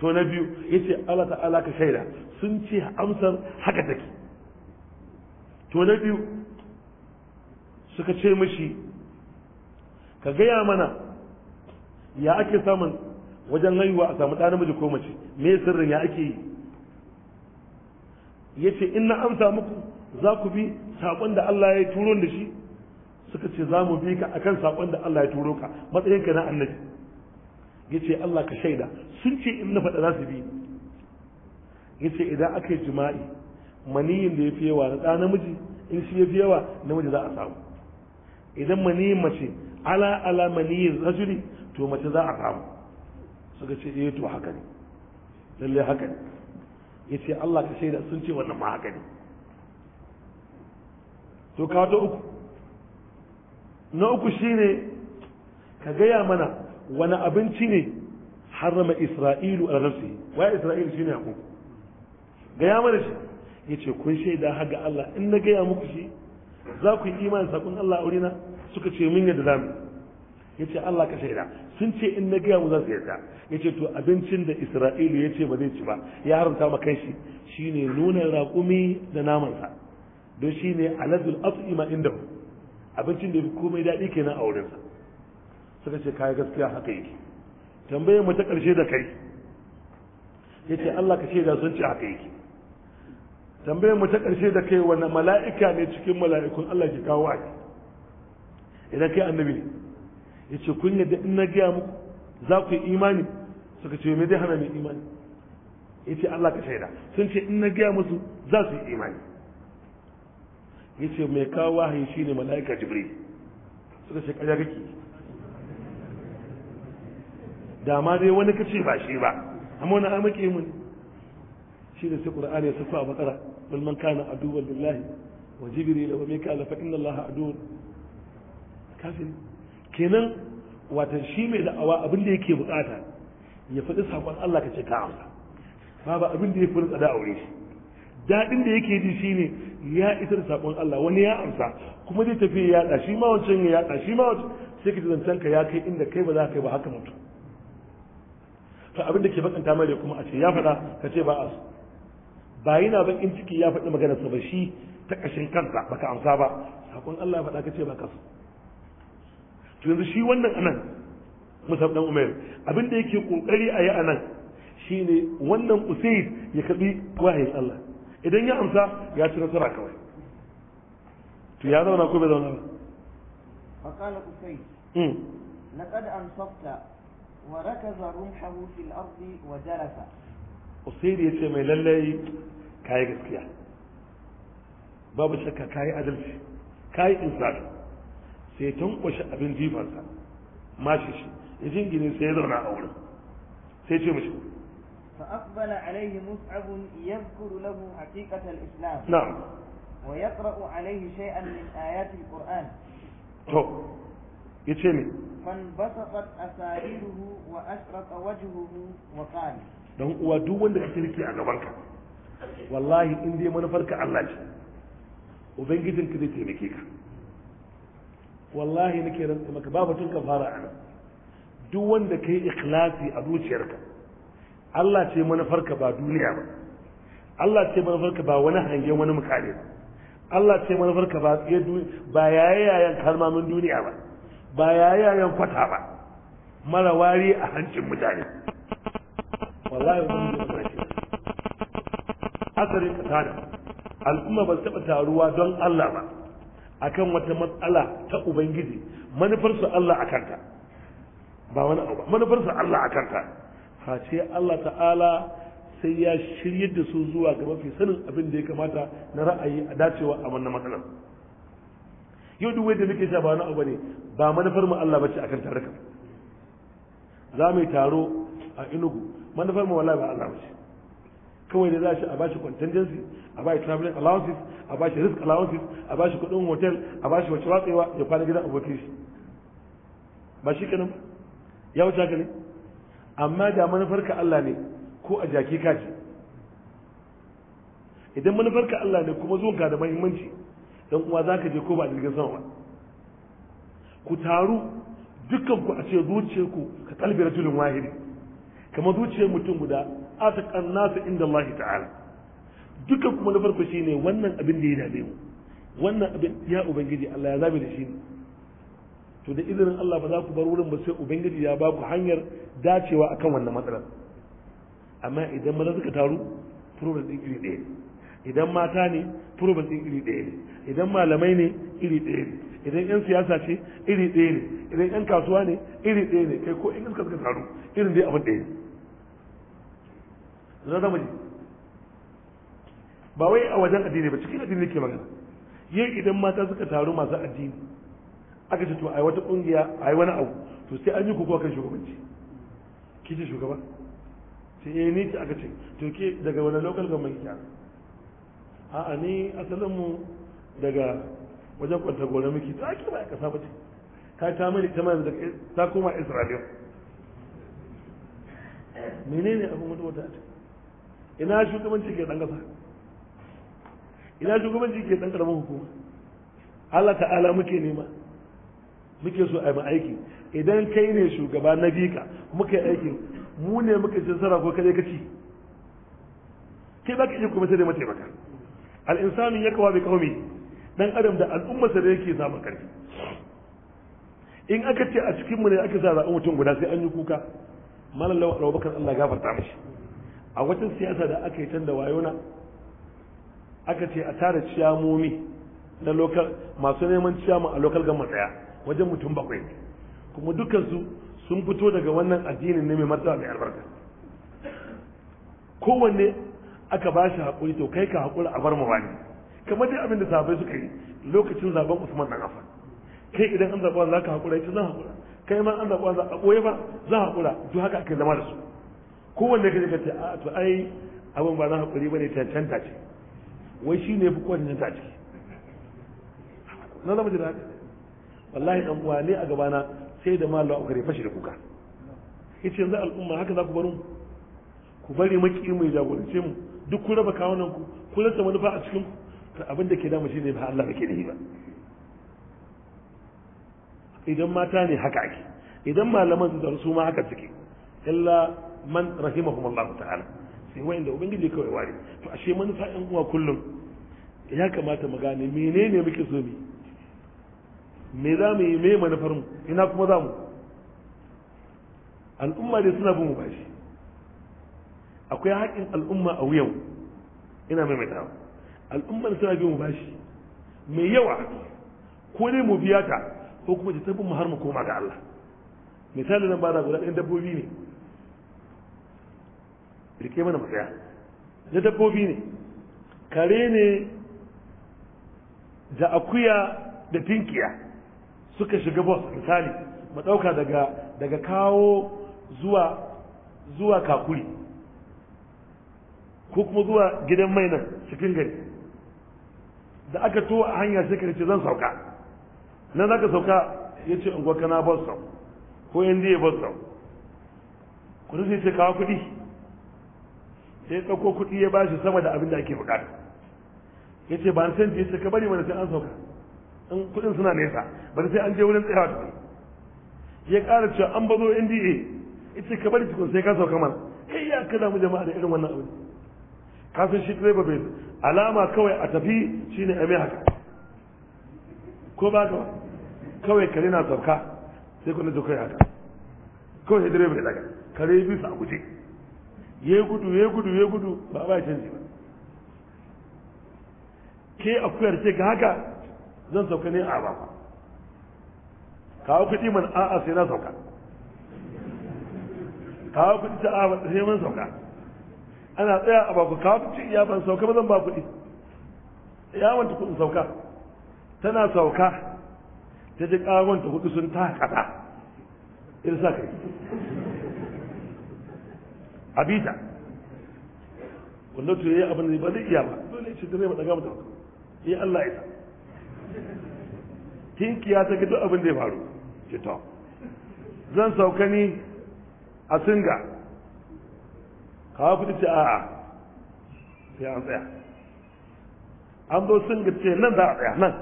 to na biyu yace Allah ta'ala ka shaida sun ce amsar haka take to na biyu suka ce mashi ka gaya mana ya ake samun wajen haihuwa a samu ɗan namiji ko mace me sirrin ya ake yi ya ce in na amsa muku za ku bi saƙon da Allah ya yi turo da shi suka ce za mu bi ka a kan saƙon da Allah ya turo ka matsayinka na annabi Ya ce Allah ka shaida sun ce in na faɗa za su bi Ya ce idan aka yi jima'i maniyin da ya fi yawa na ɗa namiji in shi ya fi yawa namiji za a samu idan maniyin mace ala ala maniyin rajuli to mace za a samu suka ce eh to haka ne lalle haka ne Ya ce Allah ka shaida sun ce wannan ma haka ne to kato uku na uku shine ka gaya mana wani abinci ne harrama isra'ilu a nafsi wa isra'ilu shine yakub gaya mana shi ce kun shaida haga Allah in na gaya muku shi za ku yi imanin sakon Allah a wurina suka ce mun yadda zamu ce Allah ka shaida sun ce in na gaya mu za su yadda. ya ce to abincin da Isra'ilu ya ce ba zai ci ba ya haramta ma Shi shine nuna raƙumi da namansa don shine aladul inda indahu abincin da ya komai daɗi kenan a wurinsa suka ce kayan gaskiya haka yake tambayar mu ta ƙarshe da kai ya ce Allah ka shaida sun ce haka yake tambayar mu ta ƙarshe da kai wani mala'ika ne cikin mala'ikun Allah ke kawo a idan kai annabi ya ce kun yadda in na gaya muku za ku yi imani suka ce me zai hana mai imani ya ce Allah ka shaida sun ce in na gaya musu za su yi imani yace mai kawo wahayi shine mala'ika jibril suka ce kaja kake da ma dai wani kace ba shi ba amma wani amake mun shi da sai qur'ani ya safa a bakara bal man kana aduwwan lillahi wa jibril wa la fa inna allaha aduwwun kafin kenan watan shi mai da'awa abin da yake bukata ya faɗi saƙon Allah ka ce ka amsa babu abin da ya furta da aure shi daɗin da yake ji ne ya isar saƙon Allah wani ya amsa kuma zai tafi ya yaɗa shi ma wancan ya yaɗa shi ma wancan sai ka ji zancen ka ya kai inda kai ba za ka yi ba haka mutu to abin da ke bakanta mai kuma a ce ya faɗa ka ce ba a su ba yana bakin ciki ya faɗi maganar sa ba shi ta ƙashin ba ka amsa ba saƙon Allah ya faɗa ka ce ba ka su to yanzu shi wannan anan musab dan umar abin da yake kokari a yi anan shine wannan usaid ya kabi wahayin Allah idan ya amsa ya ci nasara kawai to ya zauna ko bai zauna ba wa rakaza لقد fil ardi wa jalasa الأرض ya ce mai للي kai gaskiya, babu shakka kai adalci kai insafi sai tankwashe abin jifarsa mashi shi ya jingine sai ya zauna a wurin sai ce mashi فأقبل عليه مصعب يذكر له حقيقة الإسلام نعم ويقرأ عليه شيئا من آيات القرآن يتشمي فانبسطت أساريره وأشرق وجهه وقال don uwa duk wanda kake rike a gabanka wallahi in dai manufarka Allah ce ubangijinka zai taimake ka wallahi nake rantsa maka ba batun fara a duk wanda ikhlasi a zuciyarka Allah ce manufarka ba duniya ba Allah ce manufarka ba wani hangen wani mukare ba Allah ce manufarka ba duniya, ba yayayen kalmamin duniya ba ba yayayen kwata ba mara wari a hancin mutane wallahi mun yi ba Asari asarin da al'umma ba taɓa taruwa don Allah ba akan wata matsala ta ubangiji manufarsu Allah a ba wani abu manufarsu Allah a kanta face Allah ta'ala sai ya shirye da su zuwa ga mafi sanin abin da ya kamata na ra'ayi a dacewa a wannan matsalar yau duk wanda muke sha ba wani abu ne ba manufar mu Allah bace akan taruka za mu yi taro a Enugu manufar mu wallahi ba Allah bace kawai da za shi a bashi contingency a bashi traveling allowances a bashi risk allowances a bashi kudin hotel a bashi wace watsewa ya kwana gidan abokin shi ba shi kenan ya wuce haka ne amma da manufarka Allah ne ko a jaki ka idan manufarka Allah ne kuma zuwanka da mahimmanci dan uwa zaka je ko ba jirgin sama ba ku taru dukkan ku a ce zuciyar ku ka kalbi tulin wahidi kama zuciyar mutum guda ataqan nasa inda Allah ta'ala dukkan ku manufar ku shine wannan abin da ya dame mu wannan abin ya ubangiji Allah ya zabe da shi ne to da izinin Allah ba za ku bar wurin ba sai ubangiji ya ba ku hanyar dacewa akan wannan matsalar amma idan maza suka taru furobin din iri ɗaya idan mata ne furobin din iri ɗaya ne idan malamai ne iri ɗaya ne idan yan siyasa ce iri ɗaya ne idan yan kasuwa ne iri ɗaya ne kai ko in suka suka taru irin dai abin ɗaya ne zama ji ba wai a wajen addini ba cikin addini ke magana yin idan mata suka taru masu addini aka ce to ai wata kungiya ai wani abu to sai an yi kuka kan shugabanci ki ce shugaba sai eh ni ce aka ce to ke daga wani local government a a'a ni asalin mu daga wajen kwanta gore miki ta ake ba kasa ba ce ta ta mai ta mai ta koma Isra'ila menene abin wata wata ina shugabanci ke dan kasa ina shugabanci ke dan karamin hukuma Allah ta'ala muke nema muke so a yi aiki idan kai ne shugaba na bika muka yi mu ne muka ce sara ko kare ka ci kai ba ka iya kuma sai dai mataimaka al'insanu ya kawo bai kaumi dan adam da al'ummarsa da yake zama karfi in aka ce a cikin mu ne aka sa zaɓen mutum guda sai an yi kuka malam lawa abubakar allah gafarta mishi a wajen siyasa da aka yi can da wayona aka ce a tara ciyamomi na lokal masu neman ciyama a lokal gama tsaya wajen mutum bakwai ne kuma dukansu sun fito daga wannan addinin ne mai martaba mai albarka kowanne aka ba shi haƙuri to kai ka haƙuri a bar mu bani kamar dai abin da sahabbai suka yi lokacin zaben Usman dan afan kai idan an zaɓa za ka haƙura ita zan haƙura kai ma an zaɓa za a ɓoye ba za a haƙura to haka aka zama da su kowanne ka ka ce a to ai abin ba na haƙuri ba ne cancanta ce wai shi ne fi kowanne cancanta ciki na zama da wallahi dan uwa ne a gabana sai da mallu aka rufe fashi da kuka yace yanzu al'umma haka za ku bar ku bari maki mai jagorance mu duk ku raba kawunan ku ku rasa manufa a cikin ku abin da ke damu shine ba Allah kake da ba idan mata ne haka ake idan malaman da su ma haka suke illa man Allah ta'ala sai wanda ubangiji kawai ware to ashe manufa ɗan uwa kullum ya kamata mu gane menene muke so mu me za mu yi mai manufar mu ina kuma za mu al'umma dai suna bin mu bashi akwai haƙƙin al'umma a wuyan ina maitawa al'umma suna bin mu bashi mai yawa ko dai mu biya ta ko kuma ta bin mu har mu koma ga Allah misali nan ba da guda ɗayan dabbobi ne rike mana matsaya na dabbobi ne kare ne da akuya da tinkiya suka shiga bus misali mu ɗauka daga daga kawo zuwa zuwa kakuri ko kuma zuwa gidan mai nan cikin gari da aka to a hanya sai ka ce zan sauka nan za ka sauka ya ce unguwa kana bus sau ko yan diya bus sau ku sai ce kawo kuɗi sai ya ɗauko kuɗi ya bashi sama da abin da ake buƙata ya ce ba san ce ka bari mana sai an sauka in kuɗin suna nesa bari sai an je wurin tsayawa tukun ya ƙara cewa an bazo NDA ita ka bari tukun sai ka sauka mana kai ya ka mu jama'a da irin wannan abu ka san shi direba bai alama kawai a tafi shine a mai haka ko ba ka kawai kare na sauka sai kuna kai haka kawai direba ya daga kare bisa a guje ya gudu ya gudu ya gudu ba ba ya canji ba ke akuyar ce ga haka zan sauka ne a rafa kawo kuɗi man a'a sai na sauka kawo kuɗi ta a'a sai man sauka ana tsaya a baku kawo kuɗi ya ban sauka ba zan ba kuɗi ya wanta kuɗin sauka tana sauka ta ji ƙawon ta kuɗi sun ta kaɗa sa kai abita wannan to yayi abin da ba zai iya ba dole shi da zai madaga mutum Eh Allah ya tinkiya ta ga duk abin da ya faru ce to zan sauka ni a singa kawo ce a'a sai an tsaya an zo singa ce nan za a tsaya nan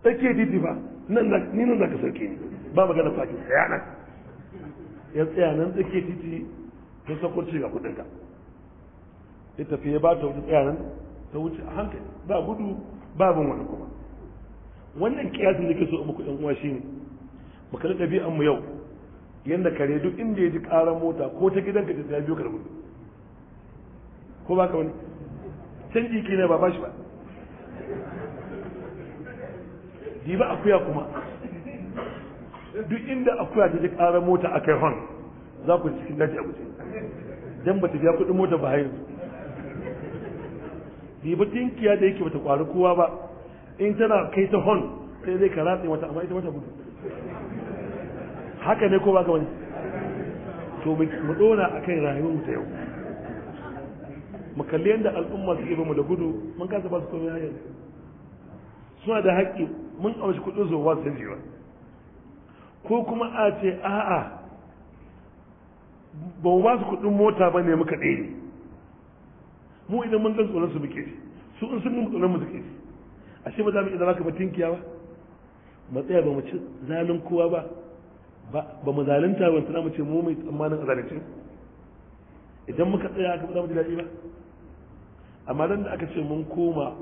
tsakiyar titi ba nan da ni nan za ka sauke ni ba magana faki tsaya nan ya tsaya nan tsakiyar titi ta sako ga kudinka ya tafi ya ba ta wuce tsaya nan ta wuce a hankali ba gudu babin wani kuma wannan kiyasin da ke so muku ɗan uwa shine baka kalli ɗabi'an mu yau yanda kare duk inda ya ji ƙarar mota ko ta gidanka ta biyo ka rubutu ko ba ka wani canji ke ne ba bashi ba ba akuya kuma duk inda akuya ta ji ƙarar mota a kai hon za ku cikin daji a guje dan ba ta biya kuɗin mota ba yanzu ba tinkiya da yake bata ƙwari kowa ba in tana kai ta hon sai zai ka ratse mata amma ita mata gudu haka ne ko ba ga wani to mu dona akan rayuwar mu ta yau mu kalli yadda al'umma suke yaba mu da gudu mun kasa ba su komai hanyar suna da haƙƙi mun ɗauki kuɗin zuwa su jiwa ko kuma a ce a'a ba mu ba su kuɗin mota ba ne muka ɗaya mu idan mun gan tsoron su muke su in sun mu tsoron mu suke ashe ba za mu iya zama kamar tinkiya ba mu tsaya ba mu ci zalin kowa ba ba mu zalunta ba tana mu ce mu mai tsammanin zalunci idan muka tsaya aka za mu ji daɗi ba amma dan da aka ce mun koma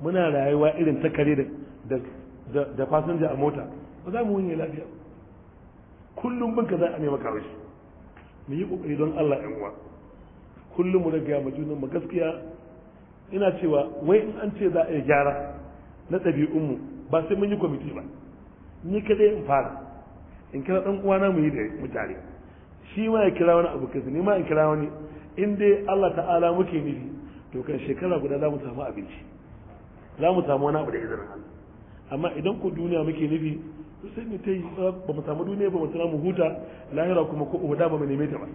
muna rayuwa irin ta kare da da fasinja a mota ba za mu wuni lafiya kullum bin ka za a nema kawai mu yi kokari don Allah ɗan uwa kullum mu rage mu junan mu gaskiya ina cewa wai in an ce za a yi gyara na mu ba sai mun yi kwamiti ba ni kadai in fara in kira ɗan uwana mu yi da mutane shi ma ya kira wani abokin ni ma in kira wani in dai Allah ta'ala muke nufi to kan shekara guda za mu samu abinci za mu samu wani abu da izinin Allah amma idan ko duniya muke nufi sai mu ta yi ba mu samu duniya ba mu samu huta lahira kuma ko uba ba mu neme ta ba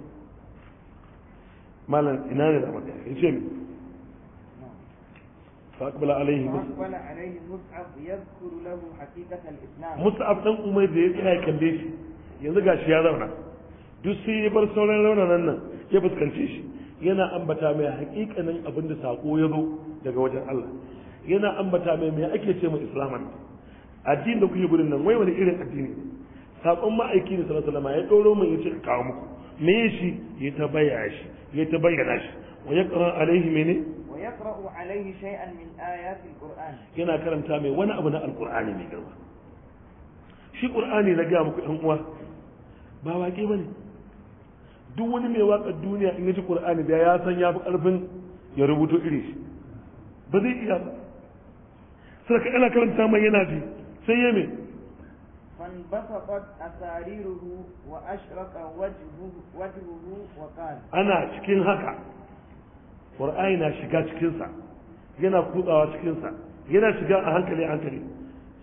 malam ina ne da mutane in ce فأقبل عليه مصعب يذكر له حقيقة الإسلام مصعب دان عمر da ya يا kalle shi yanzu gashi ya zauna duk sai ya bar sauran raunanan nan ya fuskanci shi yana ambata mai hakikanin abin da sako ya zo daga wajen Allah yana ambata mai me ake ce mu islaman addini da kuke gurin nan wai wani irin addini sakon ma'aiki ne ya ɗoro mun ya ce kawo muku me shi ya ta bayyana shi ya ta bayyana shi alaihi ويقرأ عليه شيئا من آيات القرآن yana karanta mai wani abu na alqur'ani mai girma shi na uwa ba duk wani mai duniya in da ya san ya fi ya iri ba karanta mai yana sai ya فانبسطت أساريره وأشرق وجهه وجهه وقال أنا شكين هكا qur'ani na shiga cikinsa yana kutsawa cikinsa yana shiga a hankali a hankali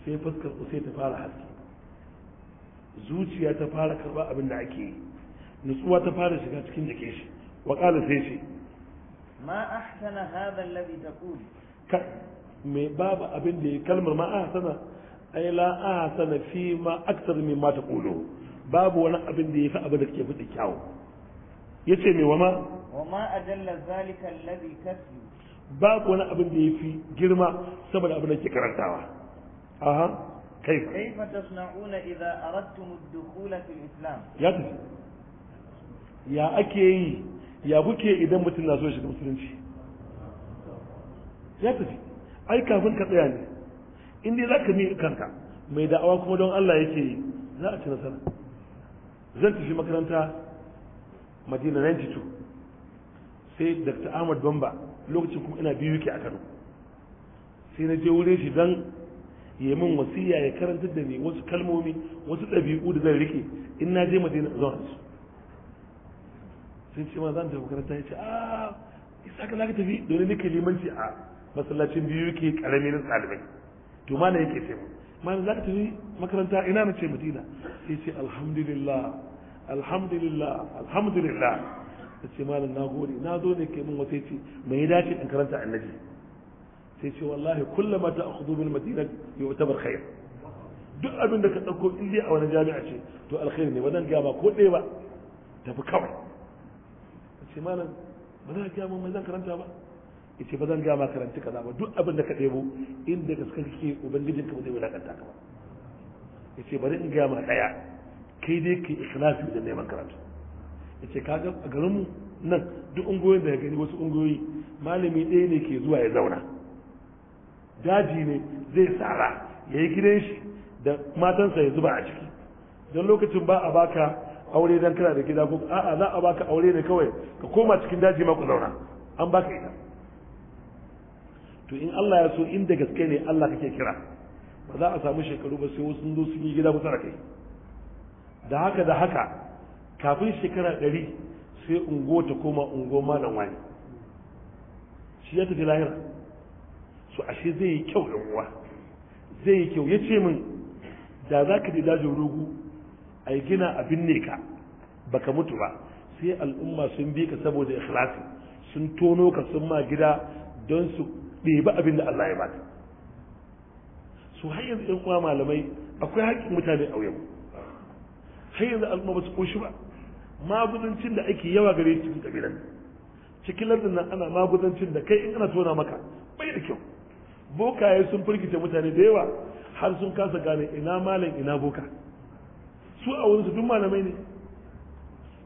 sai fuskar sai ta fara haske zuciya ta fara karba abin da ake yi nutsuwa ta fara shiga cikin jike shi wa qala sai shi ma ahsana hadha alladhi taqul mai babu abin da ya kalmar ma ahsana ai la ahsana fi ma akthar min ma taqulu babu wani abin da ya fi abin da kake fadi kyawu yace me wa ma wa ma ajalla zalika alladhi kasbu babu wani abin da yafi girma saboda abin da ke karantawa aha kaifa kaifa tasna'una idza aradtum ad-dukhula fil islam ya tafi ya ake yi ya kuke idan mutum na so shiga musulunci ya tafi ai kafin ka tsaya ne in dai zaka mi kanka mai da'awa kuma don Allah yake yi za a zan tafi makaranta madina 92 sai dr ahmad bamba lokacin kuma ina biyu yake a kano sai na je wurin shi don ya min wasiya ya karanta da ni wasu kalmomi wasu ɗabi'u da zan rike in na je madina zuwa su sun ce ma zan tafi makaranta ya ce a ah, isa ka zaka tafi domin nake limanci a masallacin biyu yake na salibai to ma na yake sai mu ma za ka tafi makaranta ina na ce madina sai ce alhamdulillah alhamdulillah alhamdulillah ta ce malam na gode na zo ne ke min wasu ce mai ya dace in karanta annabi sai ce wallahi kullama ta akhudhu bil madina yu'tabar khair duk abin da ka dauko in a wani jami'a ce to alkhair ne wannan ga ba ko ɗaya ba tafi kawai ce malam ba za ka ga mun zan karanta ba yace ba zan ga ma karanta kaza ba duk abin da ka ɗebo inda gaske kake ubangijin ka ba zai wulakanta ka ba yace bari in ga ma daya kai dai kai ikhlasi da neman karatu ka kaga a garinmu nan duk ungoyin da ya gani wasu ungoyi malami ɗaya ne ke zuwa ya zauna daji ne zai tsara ya yi gidan shi da matansa ya zuba a ciki don lokacin ba a baka aure don kana da gida ko a'a za a baka aure ne kawai ka koma cikin daji ma ku zauna an baka ita to in Allah ya so inda gaske ne Allah kake kira ba za a samu shekaru ba sai wasu sun zo yi gida kusa da kai da haka da haka kafin shekara ɗari sai ungo ta koma ungo malam wani shi ya tafi lahira su ashe zai yi kyau da uwa zai yi kyau ya ce min da za ka je dajin rugu a gina abin ne ka baka mutu ba sai al'umma sun bi ka saboda ikhlasi sun tono ka sun ma gida don su ɗebi abin da Allah ya bata su har yanzu ɗan uwa malamai akwai haƙƙin mutane a wuyan har yanzu al'umma ba su ƙoshi ba magudancin da ake yawa gare cikin kabilan cikin lardin nan ana magudancin da kai in ana tona maka bai da kyau bokaye sun firgita mutane da yawa har sun kasa gane ina malam ina boka su a wurin su duk malamai ne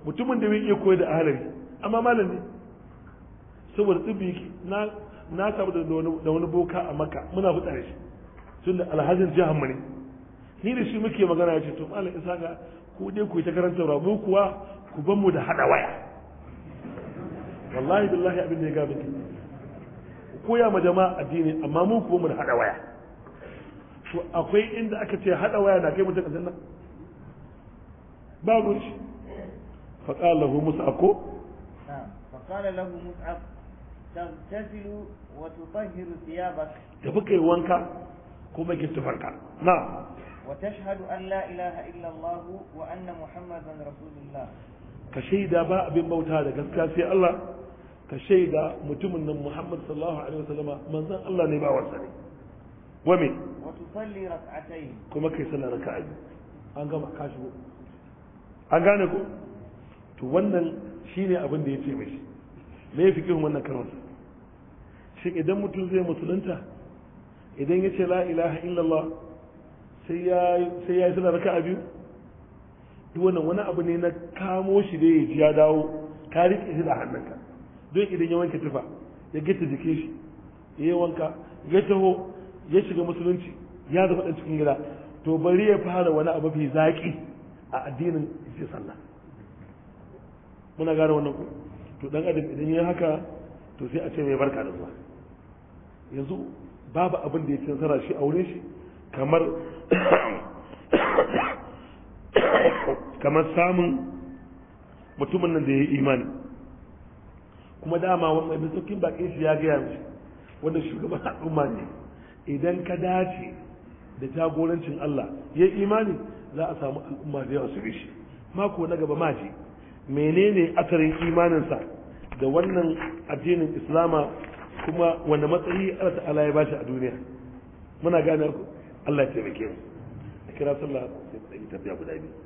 mutumin da bai iya koyar da ahalari amma malam ne saboda tsibi na na tabu da wani boka a maka muna fita shi tunda alhajin jihar ne ni da shi muke magana ya ce to malam isa ga ku dai ku yi ta karanta mu kuwa ku ban mu da hada waya wallahi billahi abin da ya gaba ke koya ma jama'a addini amma mun ku mu da hada waya to akwai inda aka ce hada waya na kai mutum aljanna babu shi fa qala lahu mus'ab ko fa qala lahu mus'ab tagtasilu wa tutahhiru thiyabak tafi kai wanka kuma ki tufarka na'am وتشهد أن لا إله إلا الله وأن محمدا رسول الله ka shaida ba abin bauta da gaskiya sai Allah ka shaida mutumin nan Muhammad sallallahu alaihi wasallama manzon Allah ne ba wasa ne wa me wa tusalli rak'atayn kuma kai sallar raka'a an gama ka shigo an gane ko to wannan shine abin da yace mishi me yafi kin wannan karon shi idan mutum zai musulunta idan yace la ilaha illallah sai ya sai ya yi sallar raka'a biyu duk wani abu ne na kamo shi da ya ji ya dawo ka riƙe shi da hannunka don idan ya wanke tufa ya gita jikin shi ya yi wanka ya taho ya shiga musulunci ya zama ɗan cikin gida to bari ya fara wani abu fi zaƙi a addinin isi sallah muna gane wannan ku to dan adam idan ya haka to sai a ce mai barka da zuwa yanzu babu abin da ya ci nasara shi a shi kamar kamar samun mutumin nan da ya yi imani kuma dama wannan mai saukin bakin shi ya gaya mishi wanda shugaban al'umma ne idan ka dace da jagorancin Allah ya yi imani za a samu al'umma da yawa su bi shi mako na gaba ma ce menene asarin imaninsa da wannan addinin islama kuma wanda matsayi Allah ta'ala ya bashi a duniya muna gane Allah ya taimake mu kira sallah sai mu tafiya guda biyu